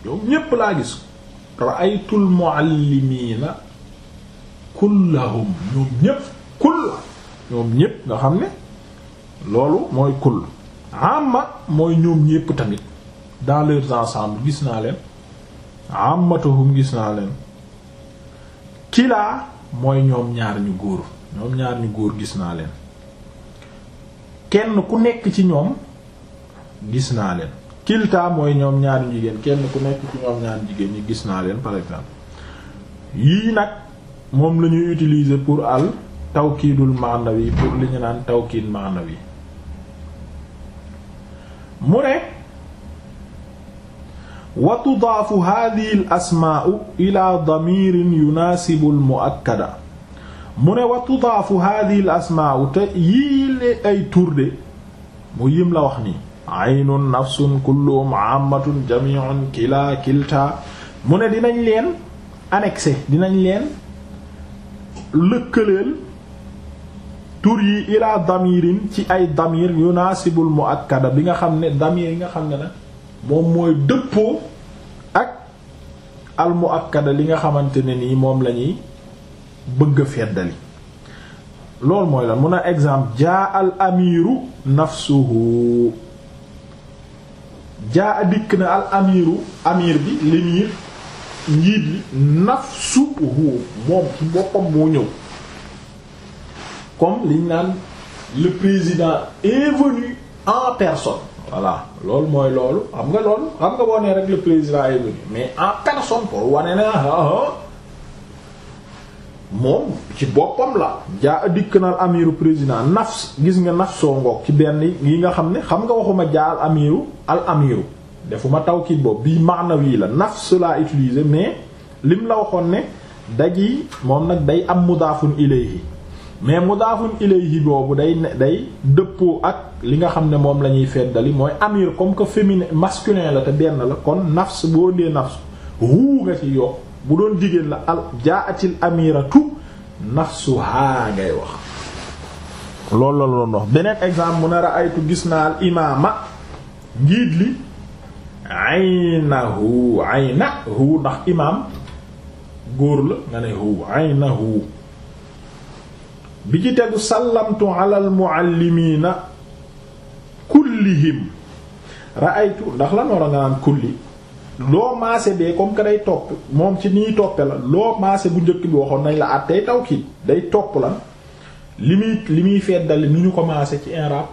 ñoom ñépp laa gis ra'aytul muallimiina kullahum ñoom ñépp kull ñoom ñépp nga xam ne loolu mooy kull amma mooy ñoom ñépp tamit dans leurs ensemble gis naa leen ammatuhum gis naa leen kilaa mooy ñoom ñaar ñu góor ñoom ñaar ñu góor gis naa leen kenn ku nekk ci ñoom gis naa leen kilta mooy ñoom ñaari jigéen kenn ku nekk ci ñoom ñaari jigéen ñi gis naa leen par exemple yii nag moom lañuy ñuy utiliser pour al tawkiidul maanawi pour li ñu naan tawkiid maanawi mu ne wa tudaafu haadihi asmaa'u ilaa damiirin yunaasibu al-mu'akkada mu ne wa tudaafu haadihi asmaa'u te yii ay turde mu yim la wax nii. aynun nafsun kulluhum ammatun jamii'un kilaa kiltaa mu ne dinañ leen annexé dinañ leen lëkkaleel tur yi ilaa damiirin ci ay damir yunaasibul mu'akkada bi nga xam ne damir yi nga xam ne nag. moom mooy dëppoo ak almu li nga xamante ne nii moom lañuy ñuy bëgg a feddali loolu mooy la mun a exemple jaa al amiru nafsuhu jaa a dikk na al amiru amir bi l'émir njiit li nafsuhu moom ci boppam moo ñëw comme liñ naan le président est en personne voilà loolu mooy loolu xam nga lool xam nga boo nee rek le président est venu mais en personne pour wane ne ah, ah, ah. moom ci boppam la jaa dikk na amiru président nafs gis nga naf soo ngoog ci benn yi nga xam ne xam nga waxuma jaa al amiru al amiru defuma tawkid boobu bii maanawi la nafs laa utiliser mais lim la waxoon ne daji moom nag day am mudaafun ilayhi mais mudaafun ilayhi boobu day day dëppoo ak li nga xam ne moom lañuy ñuy feddali mooy amir comme que féminin masculin la te benn la kon nafs boo ndee nafs huu nga ci yokk bu doon jigéen la al jaatil amiratu nafsuhaa ngay wax loolu la doon wax beneen exemple mu ne raaytu gis naa al imaama njiit li aynahu aynahu ndax imaam góor la nga ne hu aynahu bi ci tegu sallamtu ala al muallimiina kullihim ra'aytu ndax lan war a nga naan kulli loo maase bee comme que day topp moom ci nii toppe la loo maase bu njëkk bi waxoon nañ la at day tawkiid day topp lan li muy li muy feddali ni ñu ko maase ci i'raab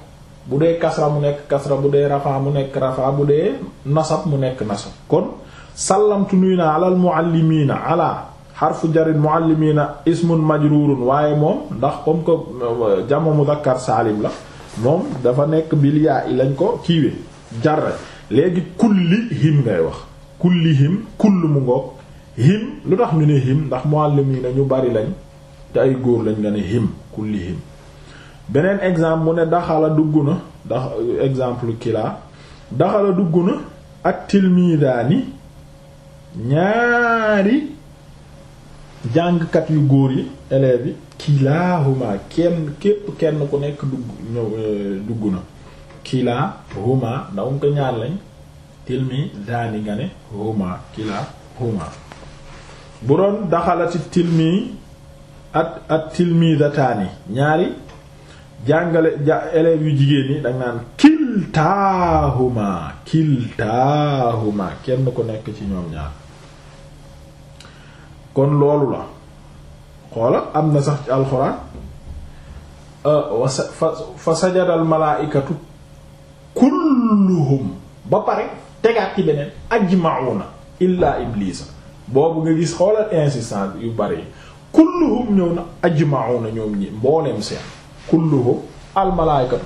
bu dee kasra mu nekk kasra bu dee rafaa mu nekk rafaa bu dee nasab mu nekk nasab kon sallamtu nuy na alal muallimiina ala xarfu jarin muallimiina ismun majruurun waaye moom ndax comme que euh, jamo muzakkar saalim la moom dafa nekk bil yaa lañ ko kiiwe jar léegi kulli him ngay wax kulli him kull mu ngoog him lu tax ñu ne him ndax muallimiina ñu bari lañ te ay góor lañ nga ne him kulli him beneen exemple mu ne daxala dugg na ndax euh, exemple kilaa daxala dugg na ak tilmidaani ñaari jàngkat yu góor yi élèves yi kilaahuma kenn képp kenn ku nekk dugg ñëw euh, dugg na kilaahuma ndax um ko ñaar lañ tilmi daani nga ne huma kilaahuma bu doon daxalati tilmi at at tilmi dataani ñaari jàngale élèves yu jigéen yi danga naan kiltaahuma kiltaahuma kenn ku nekk ci ñoom ñaar kon loolu la xoola am na sax ci alxuraan euh, fa fa sajadal malaaykatu kulluhum ba pare tegaat ci beneen ajmauna illa iblisa boobu nga gis xoolal insistance yu bari kulluhum ñëw na ajmauna ñoom ñi mbooleem seen kulluhum almalaaykatu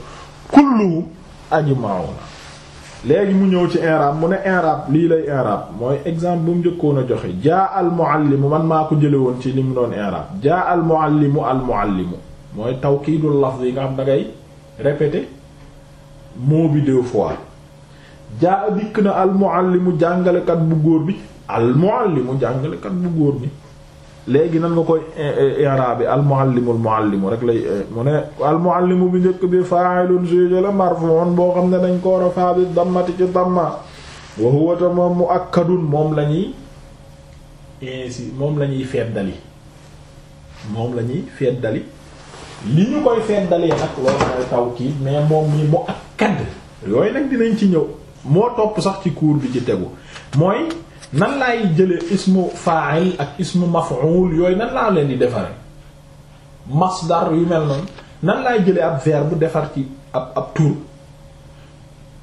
kulluhum ajmauna léegi mu ñëw ci i'rab mu ne i'rab lii lay i'rab mooy exemple bu mu njëkkoon a joxe jaa al muallimu man maa ko jële woon ci li mu doon i'rab jaa al muallimu al muallimu mooy tawkiidul lafz yi nga xam da ngay répéter mot bi fois jaa dikk na al muallimu jàngalekat bu góor bi al muallimu jàngalekat bu góor bi léegi nan mu koy i'raabi bi muallimu al muallimu rek lay mu ne al muallimu bi njëkk bi fa'ilun sujet la marfu'un boo xam ne dañ ko rafa bi dammati ci damma wa huwa tamam mu'akkadun moom lañuy ñuy ainsi moom lañuy ñuy feddali moom la feddali li ñu koy feddalee nag loolu mooy tawkiid mais moom mi mu'akkad yooyu nag dinañ ci ñëw moo topp sax ci cours bi ci tegu mooy nan laay jëlee ismu fa'il ak ismu maf'ul yooyu nan laa leen di defare masdar yu mel noonu nan laay jëlee ab bu defar ci ab ab tur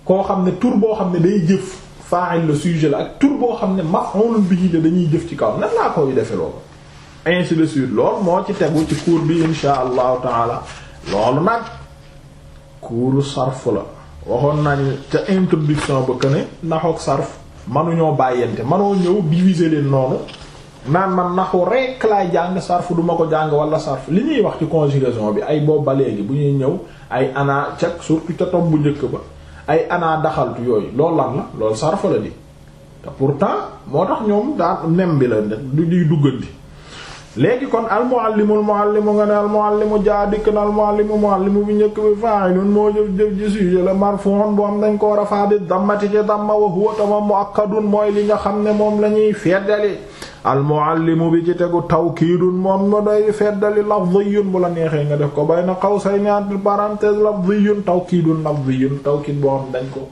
koo xam ne tur boo xam ne day jëf fa'il la sujet la ak tur boo xam ne maf'ul bihi la dañuy jëf ci kaw nan laa koy defe loolu ainsi de suite loolu moo ci tegu ci kuur bi insha allahu taala loolu nag cours sarf la waxoon nañu ca introduction ba que ne sarf manuñoo bàyyante manoo ñëw diviser leen noonu naan man naxu rek laay jàng sarf duma ko jàng wala sarf li ñuy wax ci conjugaison bi ay boobu ba léegi bu ñuy ñëw ay ana ca surtout ca tom bu njëkk ba ay ana daxaltu yooyu loolu lan la loolu sarf la di te pourtant moo tax ñoom daan nem bi la du di duggandi léegi kon al muallimu al muallimu nga ne al muallimu jaa dikk na al muallimu muallimu bu njëkk bi fa'ilun moo jëf jëf ji sujet la marfu'un bu ko rafaa bi dammati ci damma wa huwa tama muakkadun mooy nga xam ne moom la ñuy feddali al muallimu bi ci tegu tawkiidun moom ma doy feddali lafdiyun bu la neexee nga def ko bayna qawsayni entre parenthèse lafdiyun tawkiidun lafdiyun tawkiid boo xam dañ ko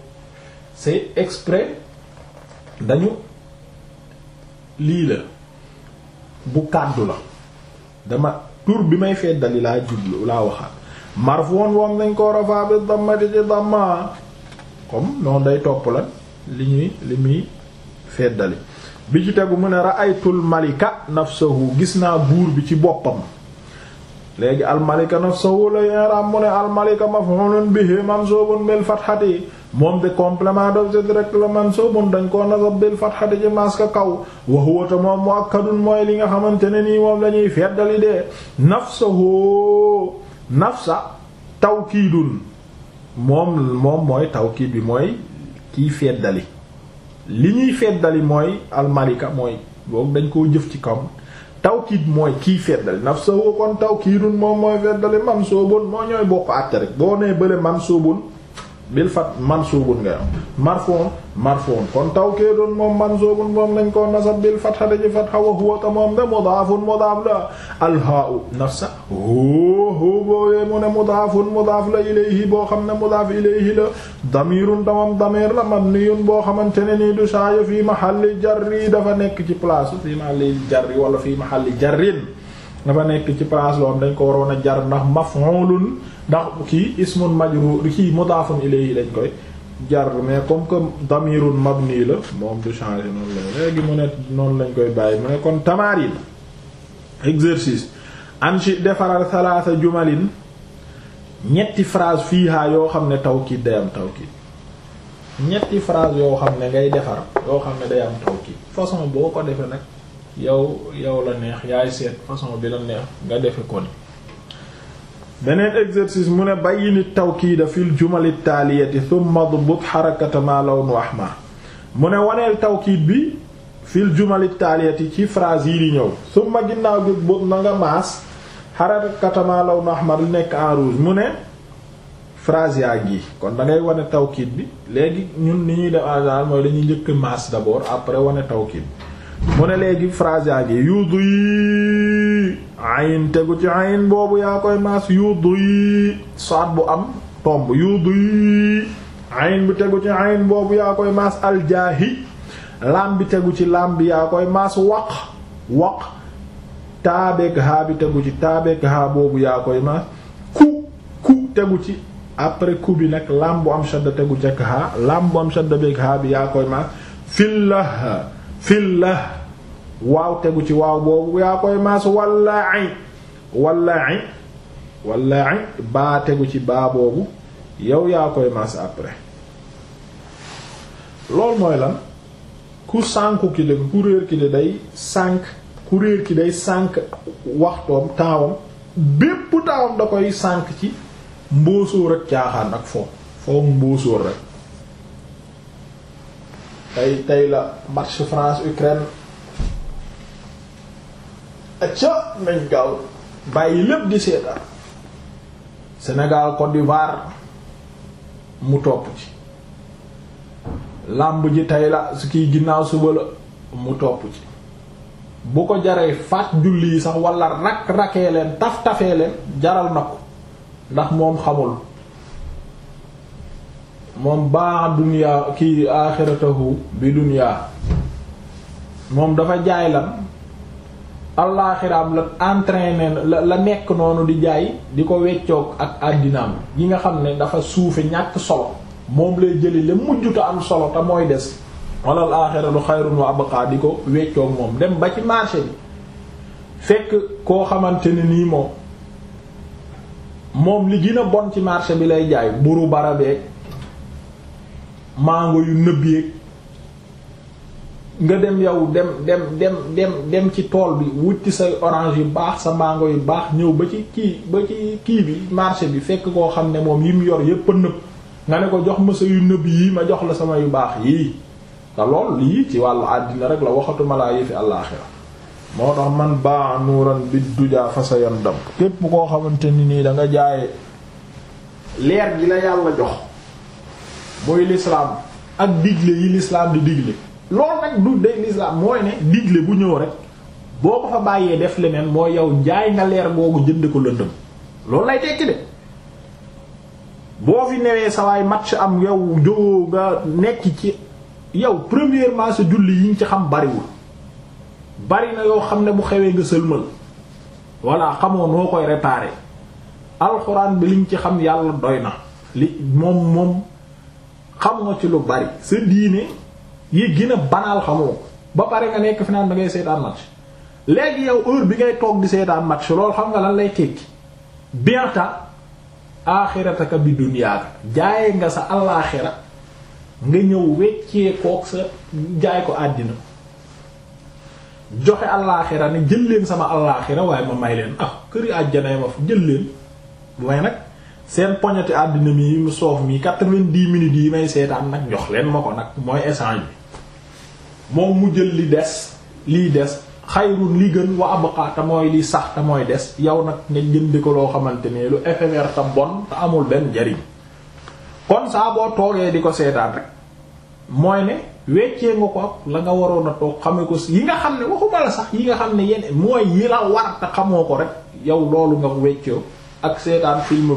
c'est exprès dañu lii la bu kàddu la dama tur bi may feddali laa jublu laa waxaat marfuun woom nañ ko rafaa bi dammati ci damma comme noonu day topp la li ñuy li muy feddali bi ci tegu mu ne ra'aytul malika nafsahu gis naa buur bi ci boppam léegi almalika nafsuhu la i'rab mu ne almalika maf'ulun bihi mansubun bil fathati moom de complément d'objet direct la mansubun dañ koo nasab bil fathati ci maska kaw wa huwa ta ak muakkadun mooy li nga xamante ne nii moom la ñuy feddali dee nafsuhu nafsa tawkiidun moom moom mooy tawkiid bi mooy kiy feddali li ñuy feddali mooy almalika mooy boog dañ koo jëf ci kaw taw tawkiid mooy kii feddali nafsahu kon tawkiidun moom mooy feddali mansuubun moo ñooy bokk àtte rek boo nee bële mansuubun bil fat mansubun ngay am marfon marfon kon tawkiidun moom mansubun moom nañ ko nasab bil fatha daji fatha wa huwa ta moom de mudaafun mudaaf la alhaau nafsa hóo booyee mu ne mudaafun mudaaf la ilayhi boo xam ne mudaaf ilayhi la damirun tamam damir la mabniyun boo xamante ne nii du shaayo fii mahalli jarri dafa nekk ci place fii mahalli jarri wala fii mahalli jarrin dafa nekk ci place loo dañ ko waroon a jar ndax maf'ulun ndax kii ismun majruur kii mudaafun ilayhi lañ koy jar mais comme que damirun mabni la moom du changer noonu la léegi noonu lañ koy bàyyi mu ne kon tamarin exercice anchi defaral salaasa jumalin ñetti phrase fiiha yoo xam ne tawkiid day am tawkiid ñetti phrase yoo xam ne ngay defar yoo xam ne day am façon boo ko defee nag yow yow la neex yaay seet façon bi la neex nga defe ko beneen exercice mu ne bayyinit tawkiida fil jumali taaliyati thumma dbut xarakata ma lawnu ma mu ne waneel tawkiid bi fil jumali taaliyati ci phrase yi di ñëw thumma ginnaaw gi but na nga maas xarakata ma lawnu ahmar li nekk en rouge mu ne phrase yaa ngi kon da ngay wane tawkiid bi léegi ñun ni ñuy def en général mooy dañuy njëkk maas d'abord après wane tawkiid bi mu ne léegi phrase yaa ngi yuudu yi ayin tegu ci ayin boobu yaa koy maas yuudu yi saat bu am tomb yuudu yi ayin bi tegu ci ayin boobu yaa koy maas aljaahi laam bi tegu ci laam bi yaa koy maas waq waq taabeeg haa bi tegu ci taabeeg haa boobu yaa koy maas ku ku tegu ci après ku bi nag laam bu am shadda tegu ci ak haa laam bu am shadda beeg haa bi yaa koy maas fillah fil la waaw tegu ci waaw boobu yaa koy maas wallaahi wallaahi wallaahi baa tegu ci baa boobu yow yaa koy maas après loolu mooy lan ku sànku ki de ku réer ki de day sànk ku réer ki day sànk waxtoom taawam bépp taawam da koy sànk ci mbóosóor ak caaxaan ak foo foo mbóosóor rek tey tey la match France Ukraine acca nañ gaaw bàyyi lépp di seetaan Sénégal Côte d'Ivoire mu topp ci làmb ji tey la su kiy ginnaaw suba la mu topp ci bu ko jaree faat julli yi sax walla rak-rakee leen taf-tafee leen jaral na ko ndax moom xamul moom baa dunya kii axiratahu bi dunya moom dafa jaay lan allaaxiraam la entraîné la la nekk noonu di jaay di ko weccoog ak àddinaam yi nga xam ne dafa suufe ñàkk solo moom lay jëli la mujjuta am solo te mooy des wala al axiratu xayrun wa di ko weccoog moom dem ba ci marché bi fekk koo xamante ne nii moom moom li gën a bon ci marché bi lay jaay buru barabeeg màngo yu nëbb yeeg nga dem yow dem dem dem dem dem ci tool bi wuti say orange yu baax sa mango yu baax ñëw ba ci kii ba ci kii bi marché bi fekk koo xam ne moom yi mu yor yépp a nëbb nga ne ko jox ma yu nëbb yii ma jox la sama yu baax yii te lool lii ci wàllu àddina rek la waxatuma laa yëfi àllaaxira moo tax man baa nuuran bi dujaa fa sa yan dam képp koo xamante ni nii danga nga jaaye leer gi la yàlla jox mooy lislaam ak digle yi lislaam di digle loolu nag du day lislaam mooy ne digle bu ñëw rek boo ko fa bàyyee def leneen mooy yow jaay nga leer googu jënd ko lëndëm loolu lay tekki de boo fi newee sawaay match am yow jógoo nga nekk ci yow premièrement sa julli yi ñu ci xam bariwul bari na yoo xam ne bu xewee nga sëlmal walla xamoo noo koy réparer alxuraan bi liñ ci xam yàlla doy na li moom moom xam nga ci lu bari sa diine yi gën banaal xamoo ba pare nga nekk fi naan da ngay seetaan match léegi yow heure bi ngay toog di seetaan match loolu xam nga lan lay tekki bienta a bi dunyaaka jaaye nga sa alaaxira nga ñëw weccee kook sa jaay ko àddina joxe alaaxira ne jël leen sama alaaxira waaye ma may leen ah këri àjjana ma fa jël leen waaye nag seen poñati àddina mi mu soof mii quatre-vingt-dix minutes yi may seetaan nag jox leen ma ko nag mooy échange bi moom mu jël li des lii des xayrun li gën wa abqa te mooy li sax te mooy des yow nag nga jëndi ko loo xamante ne lu éphémère te bon te amul benn jariñ kon saa boo toogee di ko seetaan rek mooy ne weccee nga ko ak la nga waroon a toog xame ko yi nga xam ne waxuma la sax yi nga xam ne yeneen mooy yi la war te xamoo ko rek yow loolu nga weccoo ak seetaan film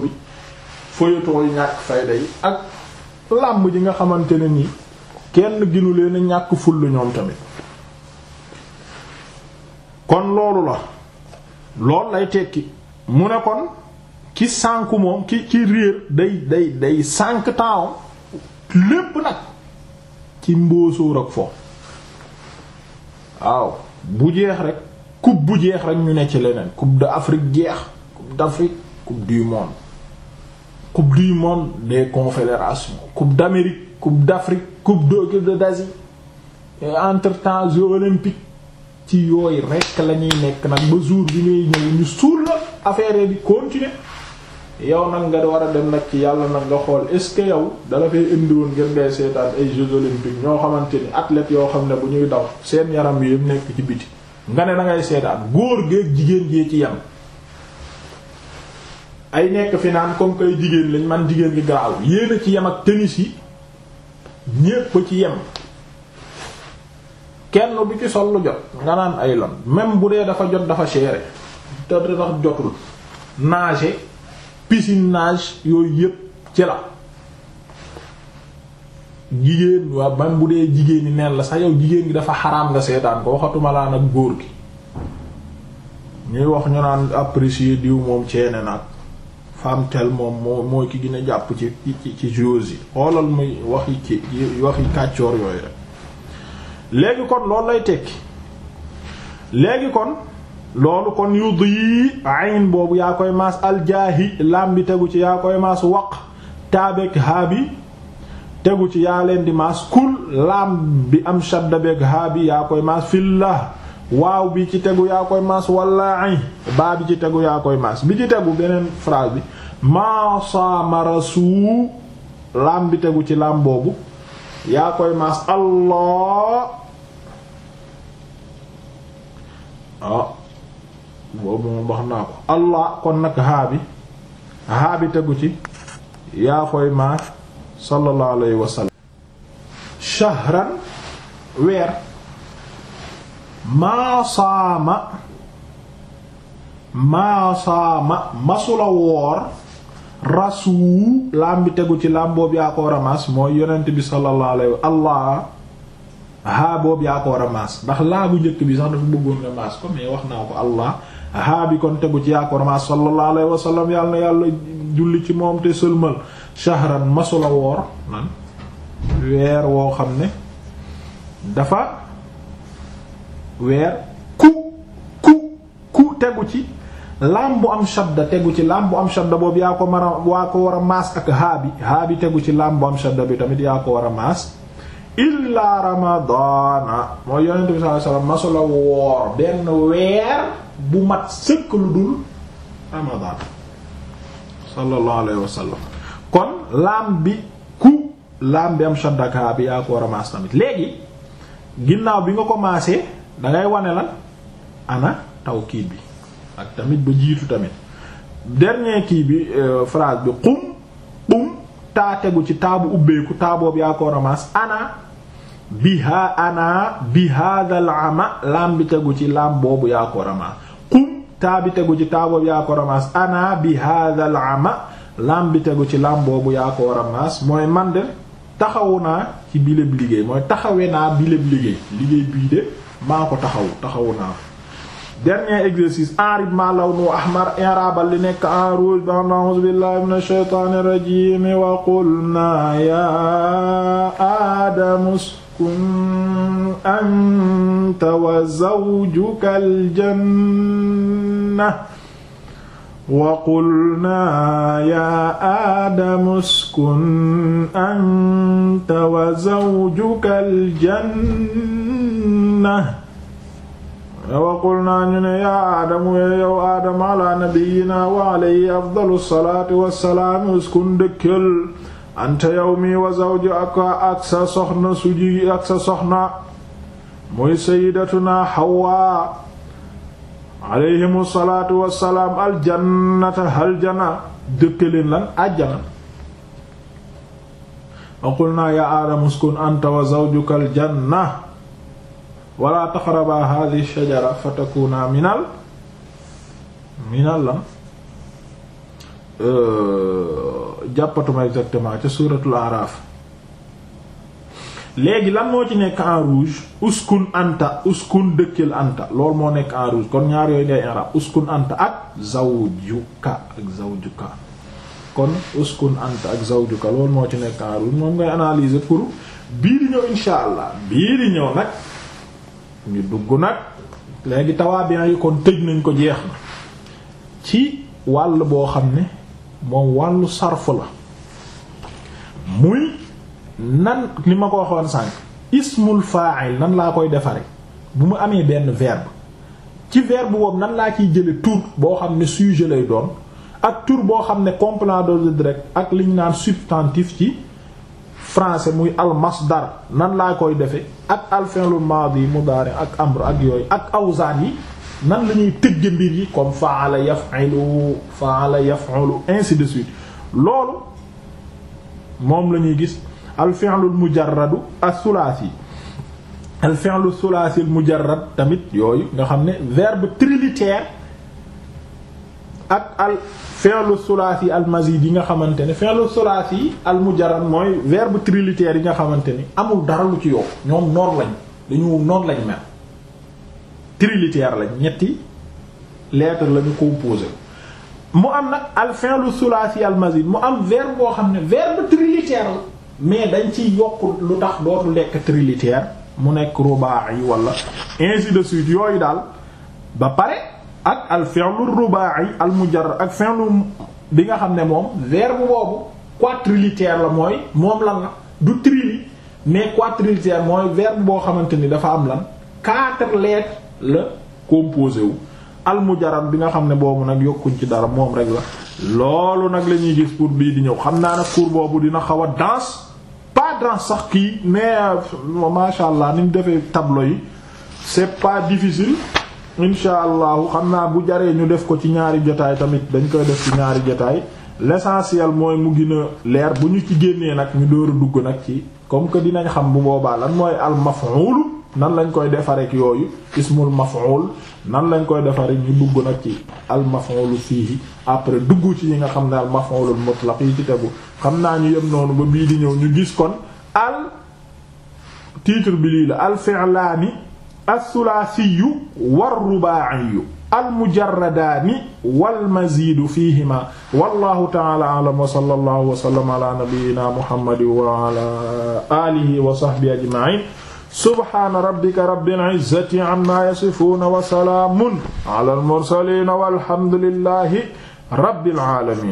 feuilleton yi ñàkk fayda yi ak làmb ji nga xamante ne nii kenn ginu leen ñàkk full ñoom tamit kon loolu la loolu lay tekki mu ne kon ki sànku moom ki ki réer day day day sànk taawam lépp nag ci mbóosóor ak fo waaw bu jeex rek coupe bu jeex rek ñu ne ci leneen coupe d'Afrique jeex coupe d'Afrique coupe du monde coupe du monde des confédérations coupe d'Amérique coupe d'Afrique coupe de d'Asie entre temps jeux olympiques ci yooyu rekk la ñuy nekk nag ba jour bi ñuy ñëw ñu suul la affaire di continuer yow nag nga war a dem nag ci yàlla nag nga xool est-ce que yow dala fay indiwoon ngir ngay seetaan ay jeux olympiques ñoo xamante ni athlètes yoo xam ne bu ñuy daw seen yaram yi yëpp nekk ci biti nga ne da seetaan góor géeg jigéen gee ci yam ay nekk fi naan comme koy jigéen lañ man jigéen gi garaaw yéen a ci yem ak tennis yi ñépp ci yem kenn bu ci sol lu jot nga naan ay lon même bu dee dafa jot dafa seere te dafa jotul nager pisin nage yooyu yépp ci la jigéen waaw même bu dee jigéen ñi neen la sax yow jigéen gi dafa xaraam nga seetaan ko waxatuma ak góor gi ñuy wax ñu naan apprécier diw moom ceene nag femtel moom moo mooy ki gën jàpp ci ci ci joueuse yi xoolal muy waxi ki waxi kàccoor yooyu rek léegi kon loolu kon yudd yi ayn boobu yaa koy maas aljaahi lam bi tegu ci yaa koy maas waq taabeg haabi tegu ci yaa leen di maas kul lam bi am shadda beeg haabi yaa koy maas fillah waaw bi ci tegu yaa koy maas wallaahi baa bi ci tegu yaa koy maas bi ci tegu beneen phrase bi maasaama rasuu laam bi tegu ci laam boobu yaa koy maas allah ah. boobu moom wax naa ko allah kon nag haa bi haa bi tegu ci yaa koy maas sallallahu alayhi shahran weer maa saama maa saama masula woor rasuu laam bi tegu ci laam boobu yaa ko ramaas mooy yonent bi sallallahu alayhi wa allah haa boobu yaa ko ramaas ndax laa bu njëkk bi sax dafa bëggoon ramaas ko mais wax naa ko allah haa bi kon tegu ci yaa ko ramaas sallallahu alayhi wa yàlla na yàlla julli ci moom te sëlmal shahran masula woor weer woo xam ne dafa weer ku ku ku tegu ci laam bu am shadda tegu ci laam bu am shadda boobu yaa ko mën a ko war a maas ak haa bi haa bi tegu ci laam bu am shadda bi tamit yaa ko war a maas illaa ramadaana mooy yonent bi sallallahu alayhi wasallam masula benn weer bu mat sëkk lu dul ramadaan sallallahu alayhi kon laam bi ku laam bi am shadda ak haa bi yaa ko war a maas tamit léegi ginnaaw bi nga ko maasee dangay wane la ana tawkiid bi ak tamit ba jiitu tamit dernier kii bi euh, phrase bi qum qum taa tegu ci taabu ubbeeku taaboobu yaa ko ramas ana biha ana bi hadal ama lam ci lam boobu yaa ko ramas qum taa bi tegu ci taaboobu yaa ko ramas ana bi hadal ama lam ci lam boobu yaa ko ramas mooy man de taxawu naa ci biléb liggéey mooy taxawee naa biléb liggéey liggéey bii de maa ko taxaw taxawu naa dernier exercice enrib ma law nu ahmar inrabal li nekk en rouge ba a'uuzu billahi rajiim wa qulnaa yaa aadamu uskun anta wa zawjukal janna وقلنا يا آدم اسكن أنت وزوجك الجنة وقلنا ñu ne yaa Aadamu yow Aadama ala nabiyyina wa alayhi afdalu salaatu wa salaam uskun dëkkal anta yow mi wa zawjuka ak sa soxna suji ak sa soxna muy sayyidatuna Hawwa alayhimu salaatu wassalaam aljannata haljana dëkkaleen lan àjjana aqul naa yaa aadamu uskun anta wa zawjuka aljanna wala taqrabaa hadhihi shajara fatakuuna minal minal lan jàppatuma exactement ca suuratul araaf léegi lan moo ci nekk en rouge uskun anta uskun dëkkil anta loolu moo nekk en rouge kon ñaar yooyu ngay i'rab uskun anta ak zawjuka ak zawjuka kon uskun anta ak zawjuka loolu moo ci nekk en rouge moom ngay analyser pour bii di ñëw insha allah bii di ñëw nag ñu dugg nag léegi tawaabiyan yi kon tëj nañ ko jeex na ci wàll boo xam ne moom wàllu sarf la muy nan li ma ko waxoon sànq ismul fa'il nan laa koy defaree bu mu amee benn verbe ci verbe boobu nan laa kiy jële tur boo xam ne sujet lay doon ak tur boo xam ne complément d'objet direct ak li ñu naan substantif ci français muy al masdar nan laa koy defe ak al fi'l madi mudari ak amr ak yooyu ak awzan yi nan lañuy ñuy tëgge mbir yi comme fa'ala yaf'ilu fa'ala yaf'ulu ainsi de suite loolu moom lañuy gis al fi'lu al mujarradu as-sulasi al fi'lu as-sulasi al mujarrad tamit yooyu nga xam ne verbe trilitère ak al fi'lu as-sulasi al mazid yi nga xamante ne fi'lu as-sulasi al mujarrad mooy verbe trilitère yi nga xamante ni amul dara lu ci yow ñoom noor lañ dañu noor lañ mel trilitère lañ ñetti lettre lañu composé mu am nag al fi'lu as al mazid mu am verbe boo xam ne verbe trilitère mais dañ ci yokk lu tax dootu nekk trilitère mu nekk rubaa'i wala ainsi de suite yooyu daal ba pare ak al fi'lu rubaa'i al mujarrad ak fi'lu bi nga xam ne moom verbe boobu quadrilitère la mooy moom lan la du trili mais quadrilitère mooy verbe boo xamante ni dafa am lan quatre lettres la composé wu al mujarrad bi nga xam ne boobu nag yokkuñ ci dara moom rek la loolu nag lañuy gis pour bii di ñëw xam naa nag cours boobu dina xaw a danse pas danse sax kii mais euh, masha allah ni ñu defee tableau yi c'est pas difficile insha allahu xam naa bu jaree ñu def ko ci ñaari jotaay tamit dañ koy def ci ñaari jotaay l'essentiel mooy mu gën a leer bu ñu ci génnee nag ñu door dugg nag ci comme que dinañ xam bu boobaa lan mooy al maf'ul nan lañ koy defarek yooyu ismul maf'ul nan lañ koy defarek ñu dugg nag ci al maf'ul fiihi après dugg ci yi nga xam ne al maf'ulul mutlaq yi ci tegu xam naa ñu yem noonu ba bii di ñëw ñu gis kon al titre bi lii la al fi'laani as-sulaasiyu war-rubaa'iyu al mujarradaani wal maziidu fiihimaa wallaahu ta'aalaa a'lam wa sallallaahu wa sallama alaa nabiyyinaa muhammad wa alaa aalihi wa sahbihi ajma'iin subhaana rabbika rabbil izzati amma yasifuuna wa salaamun ala al mursaliina walhamdulillahi rabbil aalamiin